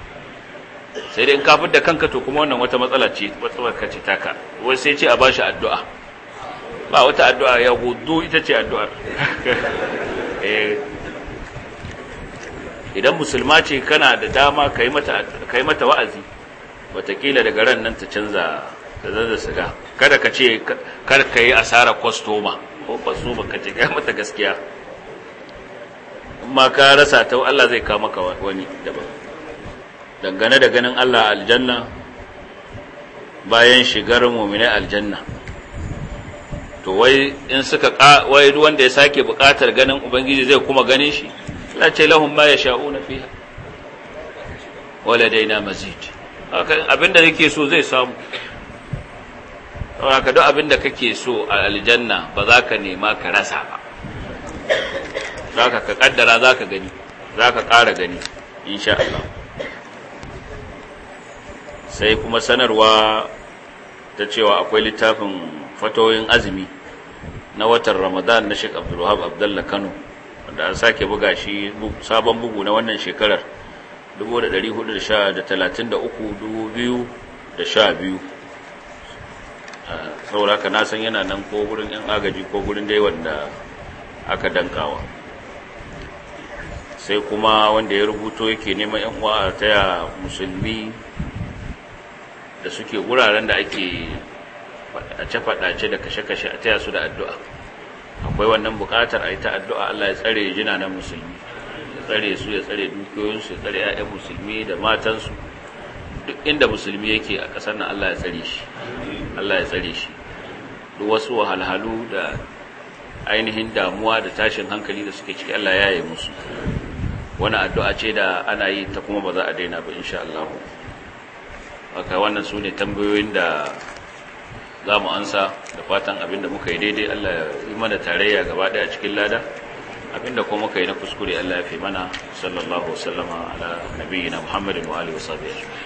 sai dai in ka da kanka to kuma wannan wata matsala ce matsalar ka ce taka wai sai ce a bashi addu'a ba wata addu'a ya gudu ita ce addu'ar eh, idan musulma ce kana da dama kai mata mata wa'azi watakila daga ran nan ta canza da zaza siga kada ka ce kar ka yi asara kwastoma ko ba ka ce kai mata gaskiya amma ka rasa ta Allah zai kama ka wani daban dangane da ganin Allah aljanna bayan shigar mu'mini aljanna to wai in suka wai wanda ya sake bukatar ganin ubangiji zai kuma ganin shi Allah ce lahum ma yasha'una fiha waladaina mazid abinda nake so zai samu haka duk abinda kake so a aljanna ba za ka nema ka rasa ba zaka ka kaddara zaka gani zaka ƙara gani insha Allah sai kuma sanarwa ta cewa akwai littafin fatoyin azumi na watan Ramadan na shek Abdul abdullahi Kano da an sake buga shi sabon bugu na wannan shekarar 1433 ah, sauraka na san yana nan ko gurin yan agaji ko gurin dai wanda aka dankawa sai kuma wanda ya rubuto yake neman yan uwa a taya musulmi da suke wuraren da ake faɗace-faɗace da kashe-kashe a taya su da addu'a akwai wannan buƙatar a yi ta addu'a Allah ya tsare jina na musulmi ya tsare su ya tsare dukiyoyinsu ya tsare ‘ya'yan musulmi da matansu duk inda musulmi yake a ƙasar nan Allah ya tsare shi Allah ya tsare shi duk wasu wahalhalu da ainihin damuwa da tashin hankali da suke ciki Allah ya yi musu wani addu'a ce da ana yi ta kuma ba za a daina ba insha Allah haka wannan su ne tambayoyin da za mu ansa da fatan abinda muka yi daidai Allah ya yi mana tarayya gaba daya cikin lada abinda kuma muka yi na kuskure Allah ya fi mana sallallahu wasallama ala nabiyyina Muhammadin wa alihi wa